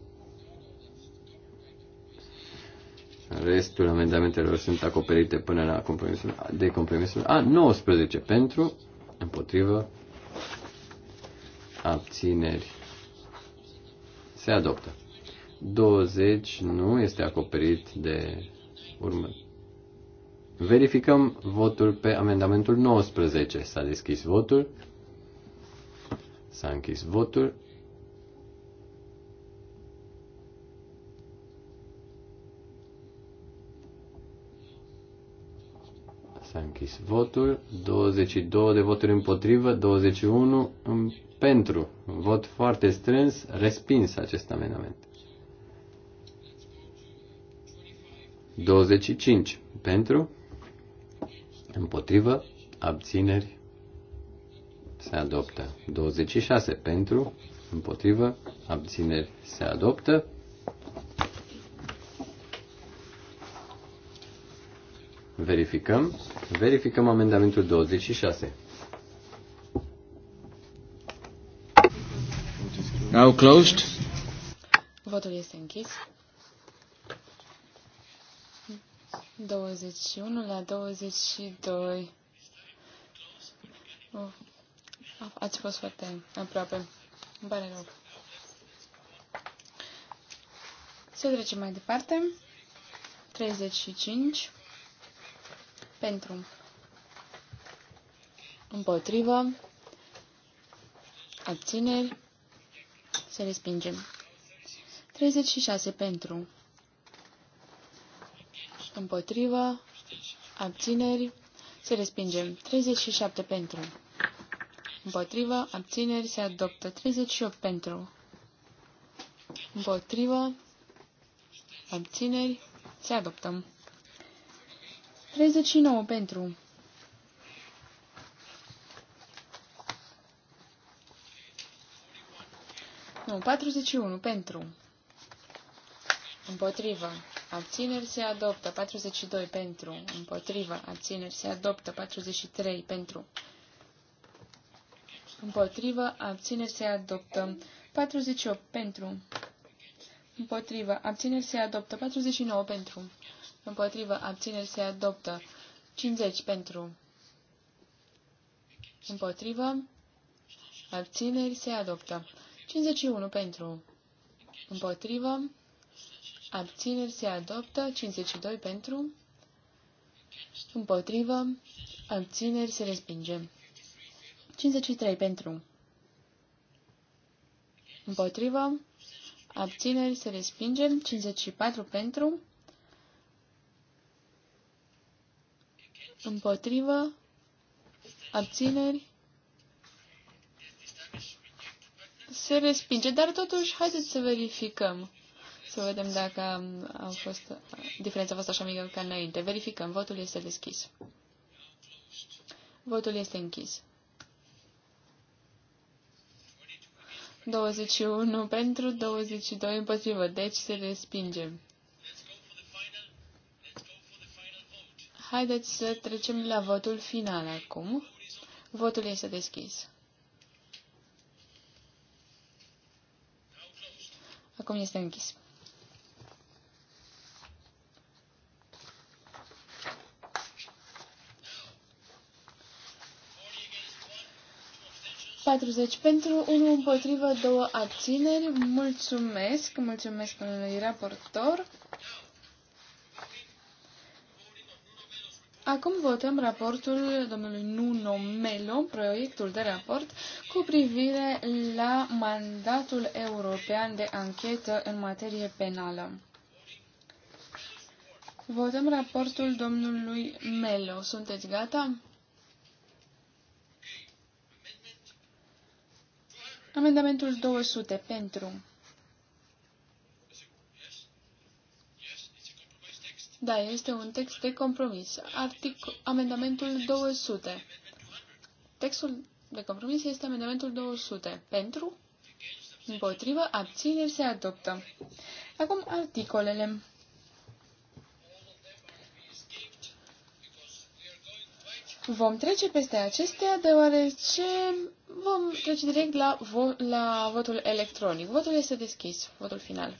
Restul amendamentelor sunt acoperite până la compromisul, de compromisul A19 pentru, împotrivă, abțineri. Se adoptă. 20 nu este acoperit de urmă. Verificăm votul pe amendamentul 19. S-a deschis votul. S-a închis votul. închis votul. 22 de voturi împotrivă, 21 în pentru. Vot foarte strâns, respins acest amendament. 25 pentru, împotrivă, abțineri, se adoptă. 26 pentru, împotrivă, abțineri, se adoptă. Verificăm. Verificăm amendamentul 26. Now closed.
Votul este închis. 21 la 22. Uf. ați fost foarte aproape. Îmi pare rău. Să trecem mai departe. 35. Pentru. Împotrivă. Abțineri. Se respingem. 36 pentru. Împotrivă. Abțineri. Se respingem. 37 pentru. Împotrivă. Abțineri. Se adoptă. 38 pentru. Împotrivă. Abțineri. Se adoptăm. 39 pentru. Nu, 41 pentru. Împotrivă. Abțineri se adoptă. 42 pentru. Împotrivă. Abțineri se adoptă. 43 pentru. Împotrivă. Abțineri se adoptă. 48 pentru. Împotrivă. Abțineri se adoptă. 49 pentru împotrivă, abțineri se adoptă. 50 pentru, împotrivă, abțineri se adoptă. 51 pentru, împotrivă, abțineri se adoptă. 52 pentru, împotrivă, abțineri se respinge. 53 pentru, împotrivă, Abțineri se respinge. 54 pentru. împotrivă, abțineri, se respinge, dar totuși haideți să verificăm. Să vedem dacă a fost, diferența a fost așa mică ca înainte. Verificăm, votul este deschis. Votul este închis. 21 pentru, 22 împotrivă, deci se respinge. Haideți să trecem la votul final acum. Votul este deschis. Acum este închis. Patruzeci pentru, unu împotrivă, două abțineri. Mulțumesc, mulțumesc domnului raportor. Acum votăm raportul domnului Nuno Melo, proiectul de raport cu privire la mandatul european de anchetă în materie penală. Votăm raportul domnului Melo. Sunteți gata? Amendamentul 200 pentru. Da, este un text de compromis. Artic... Amendamentul 200. Textul de compromis este amendamentul 200. Pentru? Împotrivă? Abțineri? Se adoptă. Acum articolele. Vom trece peste acestea deoarece vom trece direct la, vo la votul electronic. Votul este deschis, votul final.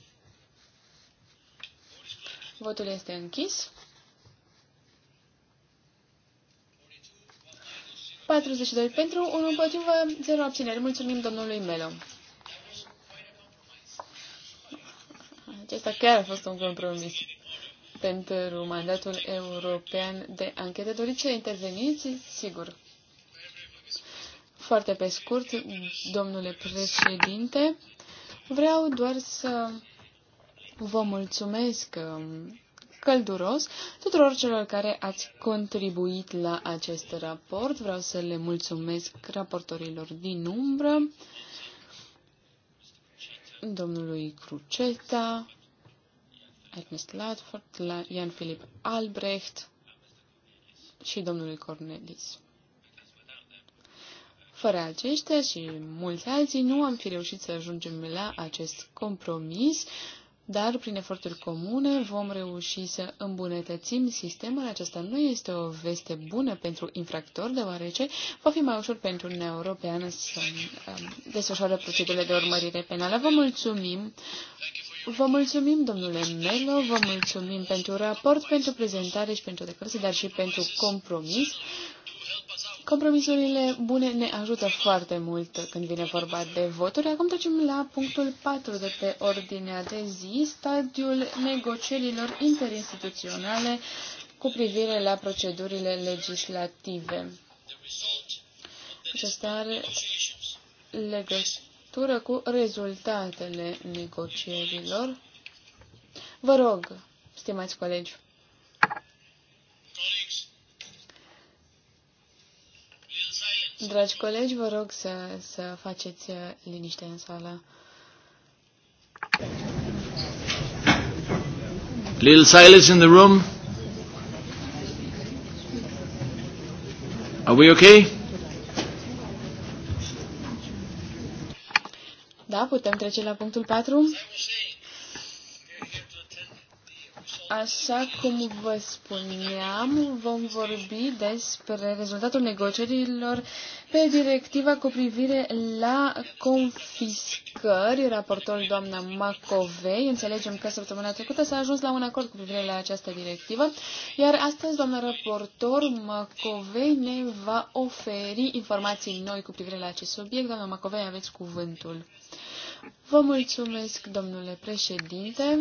Votul este închis. 42 pentru, 1 împotrivă, 0 abțineri. Mulțumim domnului Melo. Acesta chiar a fost un compromis pentru mandatul european de anchetă. Doriți să interveniți? Sigur. Foarte pe scurt, domnule președinte, vreau doar să Vă mulțumesc um, călduros tuturor celor care ați contribuit la acest raport. Vreau să le mulțumesc raportorilor din umbră, domnului Cruceta, Ernest Ladford, la Ian Philip Albrecht și domnului Cornelis. Fără aceștia și mulți alții nu am fi reușit să ajungem la acest compromis dar prin eforturi comune vom reuși să îmbunătățim sistemul. Aceasta nu este o veste bună pentru infractor, deoarece va fi mai ușor pentru un european să um, desfășoare procedurile de urmărire penală. Vă mulțumim! Vă mulțumim, domnule Melo, vă mulțumim pentru raport, pentru prezentare și pentru declarație, dar și pentru compromis. Compromisurile bune ne ajută foarte mult când vine vorba de voturi. Acum trecem la punctul 4 de pe ordinea de zi, stadiul negocierilor interinstituționale cu privire la procedurile legislative. Acesta are legătură cu rezultatele negocierilor. Vă rog, stimați colegi. Dragi colegi, vă rog să, să faceți uh, liniște în sală.
Little silence in the room. Are we okay?
Da, putem trece la punctul 4. Așa cum vă spuneam, vom vorbi despre rezultatul negocierilor pe directiva cu privire la confiscări. Raportorul doamna Macovei, înțelegem că săptămâna trecută s-a ajuns la un acord cu privire la această directivă, iar astăzi doamna raportor Macovei ne va oferi informații noi cu privire la acest subiect. Doamna Macovei, aveți cuvântul. Vă mulțumesc, domnule președinte.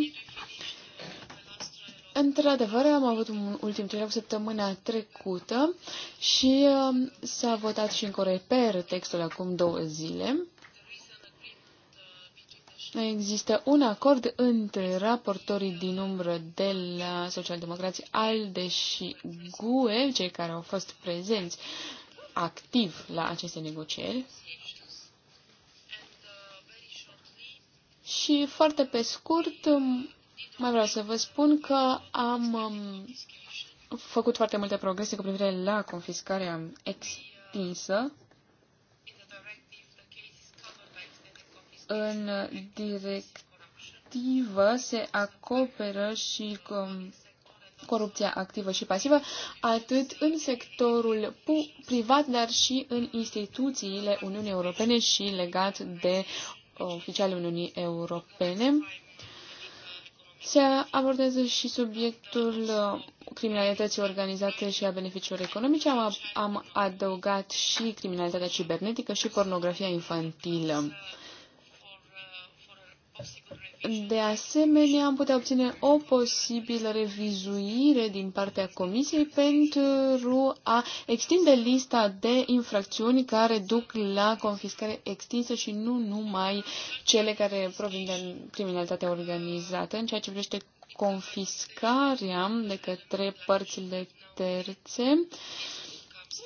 Într-adevăr, am avut un ultim trilog săptămâna trecută și um, s-a votat și în Coreper textul acum două zile. Există un acord între raportorii din umbră de la Socialdemocrații ALDE și GUE, cei care au fost prezenți activ la aceste negocieri. Și foarte pe scurt, um, mai vreau să vă spun că am um, făcut foarte multe progrese cu privire la confiscarea extinsă. În directivă se acoperă și um, corupția activă și pasivă, atât în sectorul privat, dar și în instituțiile Uniunii Europene și legat de uh, oficialii Uniunii Europene se abordează și subiectul uh, criminalității organizate și a beneficiilor economice. Am, am adăugat și criminalitatea cibernetică și pornografia infantilă. De asemenea, am putea obține o posibilă revizuire din partea Comisiei pentru a extinde lista de infracțiuni care duc la confiscare extinsă și nu numai cele care provin din criminalitatea organizată, în ceea ce privește confiscarea de către părțile terțe.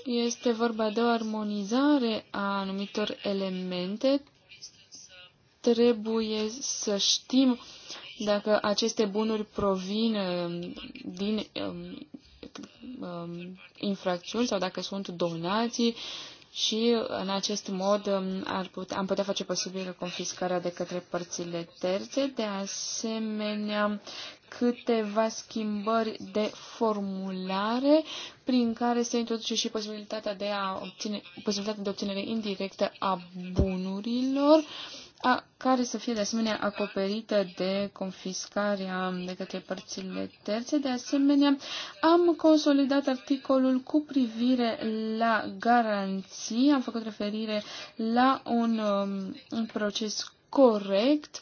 Este vorba de o armonizare a anumitor elemente trebuie să știm dacă aceste bunuri provin um, din um, um, infracțiuni sau dacă sunt donații și în acest mod um, ar putea, am putea face posibilă confiscarea de către părțile terțe. De asemenea, câteva schimbări de formulare prin care se introduce și posibilitatea de, a obține, posibilitatea de obținere indirectă a bunurilor. Uh, a, care să fie de asemenea acoperită de confiscarea de către părțile terțe. De asemenea, am consolidat articolul cu privire la garanții, am făcut referire la un, um, un proces corect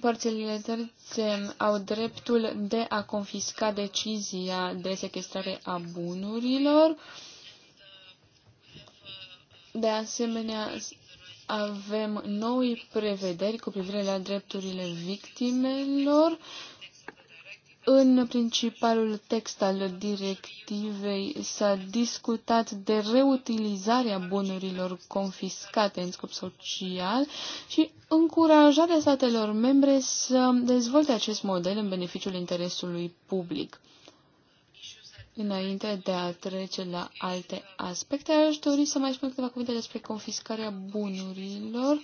părțile terțe au dreptul de a confisca decizia de sequestrare a bunurilor. Uh, de asemenea, avem noi prevederi cu privire la drepturile victimelor în principalul text al directivei s-a discutat de reutilizarea bunurilor confiscate în scop social și încurajarea statelor membre să dezvolte acest model în beneficiul interesului public. Înainte de a trece la alte aspecte, aș dori să mai spun câteva cuvinte despre confiscarea bunurilor.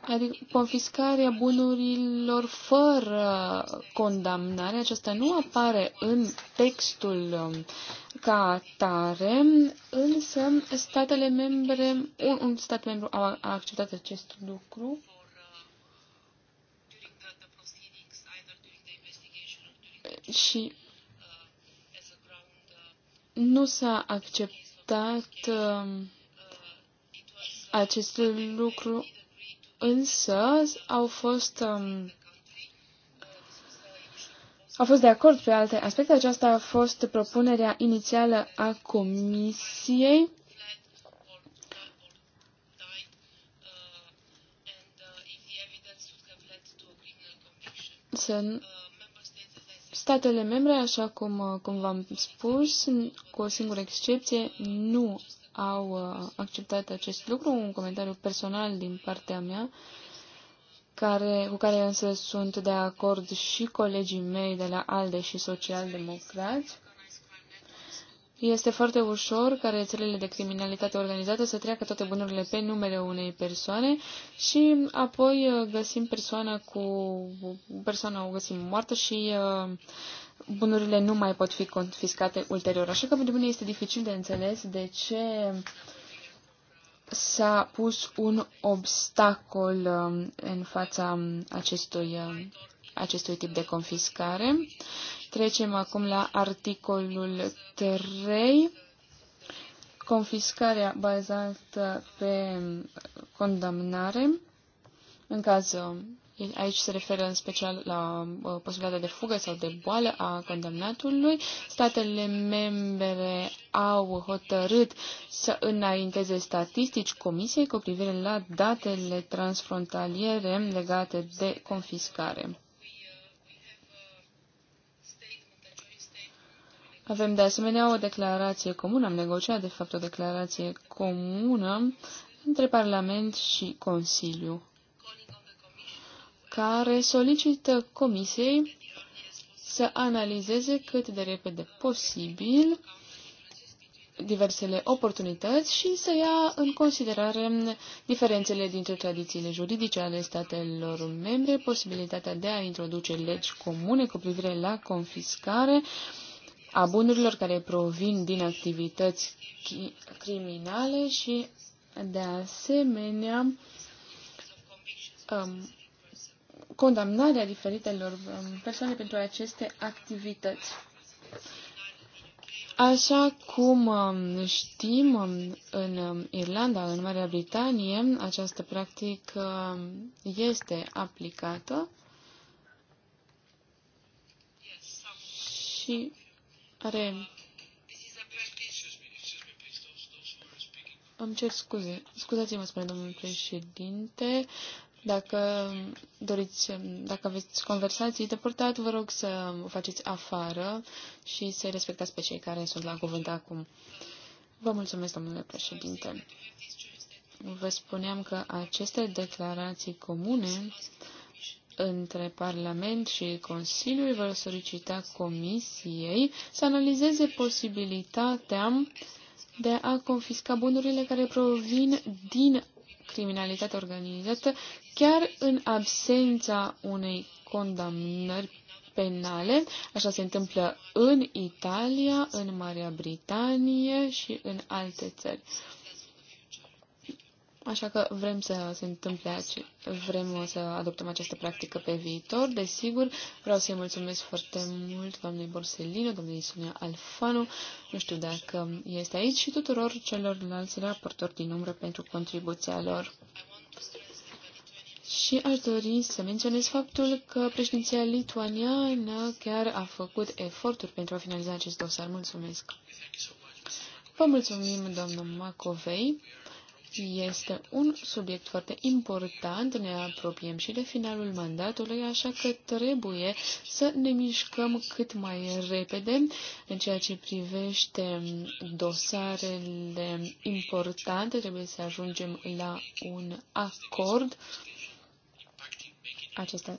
Adică confiscarea bunurilor fără condamnare, aceasta nu apare în textul um, ca atare, însă statele membre, un, un stat membru a, a acceptat acest lucru. Și nu s-a acceptat um, acest lucru, însă au fost um, au fost de acord pe alte aspecte. Aceasta a fost propunerea inițială a Comisiei. Să Statele membre, așa cum, uh, cum v-am spus, cu o singură excepție, nu au uh, acceptat acest lucru, un comentariu personal din partea mea, care, cu care însă sunt de acord și colegii mei de la ALDE și Social-Democrați. Este foarte ușor ca rețelele de criminalitate organizată să treacă toate bunurile pe numele unei persoane și apoi uh, găsim persoana cu persoana o găsim moartă și uh, bunurile nu mai pot fi confiscate ulterior. Așa că pentru mine este dificil de înțeles de ce s-a pus un obstacol um, în fața um, acestui um, acestui tip de confiscare. Trecem acum la articolul 3 confiscarea bazată pe condamnare, în cazul aici se referă în special la uh, posibilitatea de fugă sau de boală a condamnatului, statele membre au hotărât să înainteze statistici comisiei cu privire la datele transfrontaliere legate de confiscare. Avem de asemenea o declarație comună, am negociat de fapt o declarație comună între Parlament și Consiliu, care solicită Comisiei să analizeze cât de repede posibil diversele oportunități și să ia în considerare diferențele dintre tradițiile juridice ale statelor membre, posibilitatea de a introduce legi comune cu privire la confiscare, uh, a bunurilor care provin din activități criminale și, de asemenea, um, condamnarea diferitelor um, persoane pentru aceste activități. Așa cum um, știm, um, în Irlanda, în Marea Britanie, această practică este aplicată și are... Îmi cer scuze. Scuzați-mă, spune domnul președinte. Dacă doriți, dacă aveți conversații de purtat, vă rog să o faceți afară și să respectați pe cei care sunt la cuvânt acum. Vă mulțumesc, domnule președinte. Vă spuneam că aceste declarații comune între Parlament și Consiliul vor solicita Comisiei să analizeze posibilitatea de a confisca bunurile care provin din criminalitatea organizată, chiar în absența unei condamnări penale. Așa se întâmplă în Italia, în Marea Britanie și în alte țări. Așa că vrem să se întâmple, vrem să adoptăm această practică pe viitor, desigur. Vreau să-i mulțumesc foarte mult doamnei Borsellino, doamnei Sonia Alfano, nu știu dacă este aici, și tuturor celorlalți raportori din umbră pentru contribuția lor. Și aș dori să menționez faptul că președinția lituaniană chiar a făcut eforturi pentru a finaliza acest dosar. Mulțumesc! Vă mulțumim, doamnă Macovei. Este un subiect foarte important, ne apropiem și de finalul mandatului, așa că trebuie să ne mișcăm cât mai repede în ceea ce privește dosarele importante, trebuie să ajungem la un acord. acest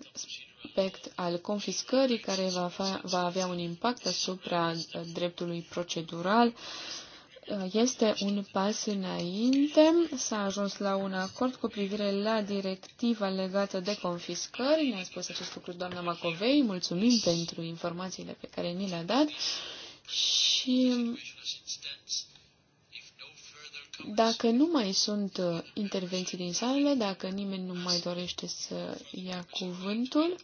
aspect al confiscării care va, va avea un impact asupra dreptului procedural. Uh, este un pas înainte. S-a ajuns la un acord cu privire la directiva legată de confiscări. Ne-a spus acest lucru doamna Macovei. Mulțumim pentru informațiile pe care ni le-a dat. Și dacă nu mai sunt intervenții din sală, dacă nimeni nu mai dorește să ia cuvântul,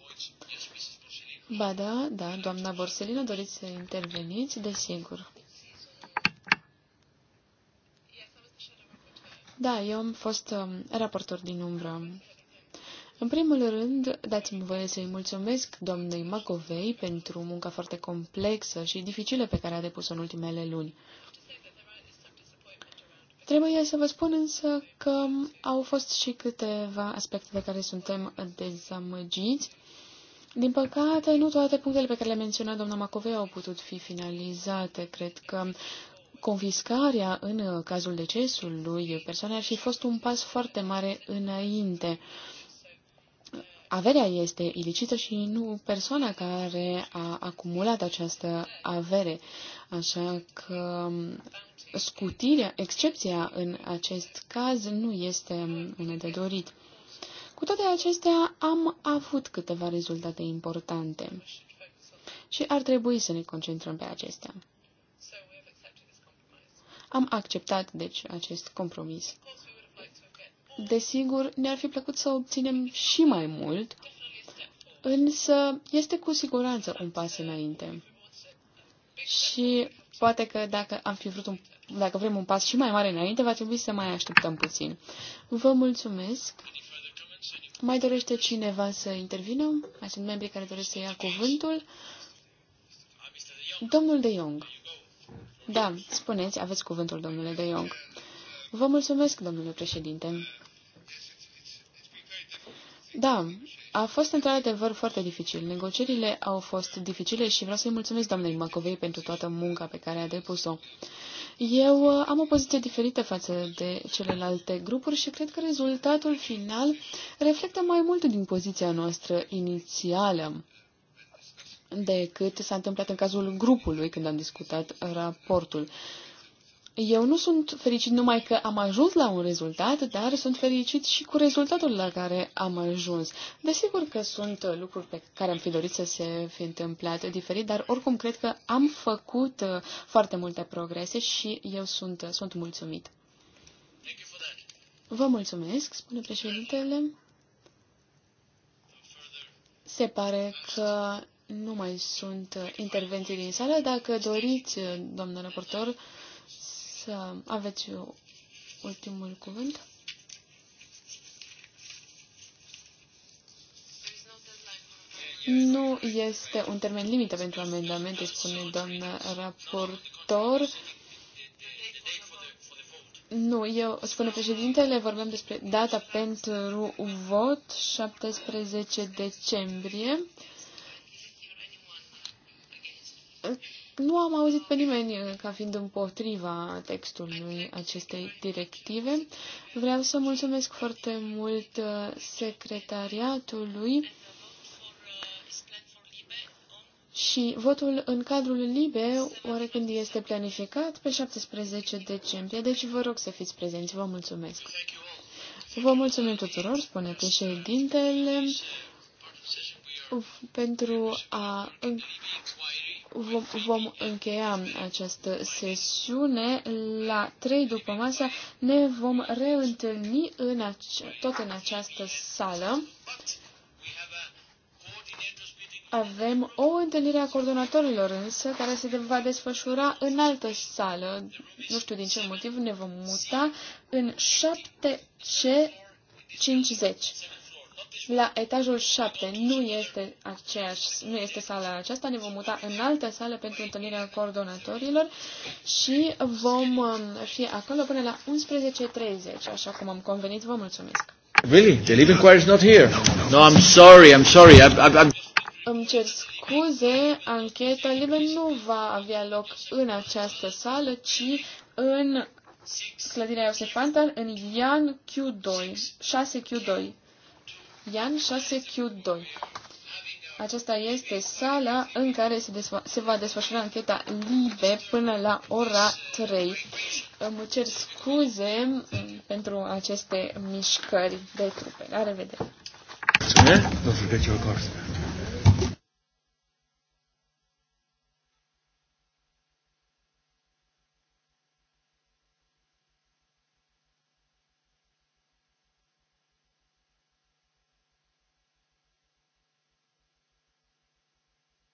ba da, da, doamna Borselina, doriți să interveniți, desigur. Da, eu am fost um, raportor din umbră. În primul rând, dați-mi voie să-i mulțumesc doamnei Macovei pentru munca foarte complexă și dificilă pe care a depus-o în ultimele luni. Trebuie să vă spun însă că au fost și câteva aspecte de care suntem dezamăgiți. Din păcate, nu toate punctele pe care le menționa doamna Macovei au putut fi finalizate. Cred că confiscarea în uh, cazul decesului persoanei ar fi fost un pas foarte mare înainte. Averea este ilicită și nu persoana care a acumulat această avere. Așa că um, scutirea, excepția în acest caz nu este um, una de dorit. Cu toate acestea, am avut câteva rezultate importante și ar trebui să ne concentrăm pe acestea. Am acceptat, deci, acest compromis. Desigur, ne-ar fi plăcut să obținem și mai mult, însă este cu siguranță un pas înainte. Și poate că dacă am fi vrut un, dacă vrem un pas și mai mare înainte, va trebui să mai așteptăm puțin. Vă mulțumesc! Mai dorește cineva să intervină? Mai sunt membrii care doresc să ia cuvântul. Domnul De Jong. Da, spuneți, aveți cuvântul, domnule De Jong. Vă mulțumesc, domnule președinte. Da, a fost într-adevăr foarte dificil. Negocierile au fost dificile și vreau să-i mulțumesc doamnei Macovei pentru toată munca pe care a depus-o. Eu uh, am o poziție diferită față de celelalte grupuri și cred că rezultatul final reflectă mai mult din poziția noastră inițială decât s-a întâmplat în cazul grupului când am discutat raportul. Eu nu sunt fericit numai că am ajuns la un rezultat, dar sunt fericit și cu rezultatul la care am ajuns. Desigur că sunt lucruri pe care am fi dorit să se fi întâmplat diferit, dar oricum cred că am făcut uh, foarte multe progrese și eu sunt, uh, sunt mulțumit. Vă mulțumesc, spune președintele. Se pare că nu mai sunt uh, intervenții din sală. Dacă doriți, uh, doamnă raportor, să aveți ultimul cuvânt. Nu este un termen limită pentru amendamente, spune doamna raportor. Nu, eu, spune președintele, vorbim despre data pentru vot, 17 decembrie nu am auzit pe nimeni ca fiind împotriva textului acestei directive. Vreau să mulțumesc foarte mult uh, secretariatului și votul în cadrul LIBE, oricând este planificat, pe 17 decembrie. Deci vă rog să fiți prezenți. Vă mulțumesc. Vă mulțumim tuturor, spune președintele, pentru a vom, vom încheia această sesiune. La 3 după masă ne vom reîntâlni în ace- tot în această sală. Avem o întâlnire a coordonatorilor însă, care se va desfășura în altă sală. Nu știu din ce motiv ne vom muta în 7C50 la etajul 7. Nu este, aceeași, nu este sala aceasta, ne vom muta în altă sală pentru întâlnirea coordonatorilor și vom um, fi acolo până la 11.30, așa cum am convenit. Vă mulțumesc!
Really? The living choir is not here. No, I'm sorry, I'm sorry. I'm, I'm...
Îmi cer scuze, ancheta liberă nu va avea loc în această sală, ci în clădirea Iosef Antal, în Ian Q2, 6Q2. Ian 6Q2. Aceasta este sala în care se, se va desfășura încheta libe până la ora 3. Îmi cer scuze pentru aceste mișcări de trupe. La revedere!
Mulțumesc! Vă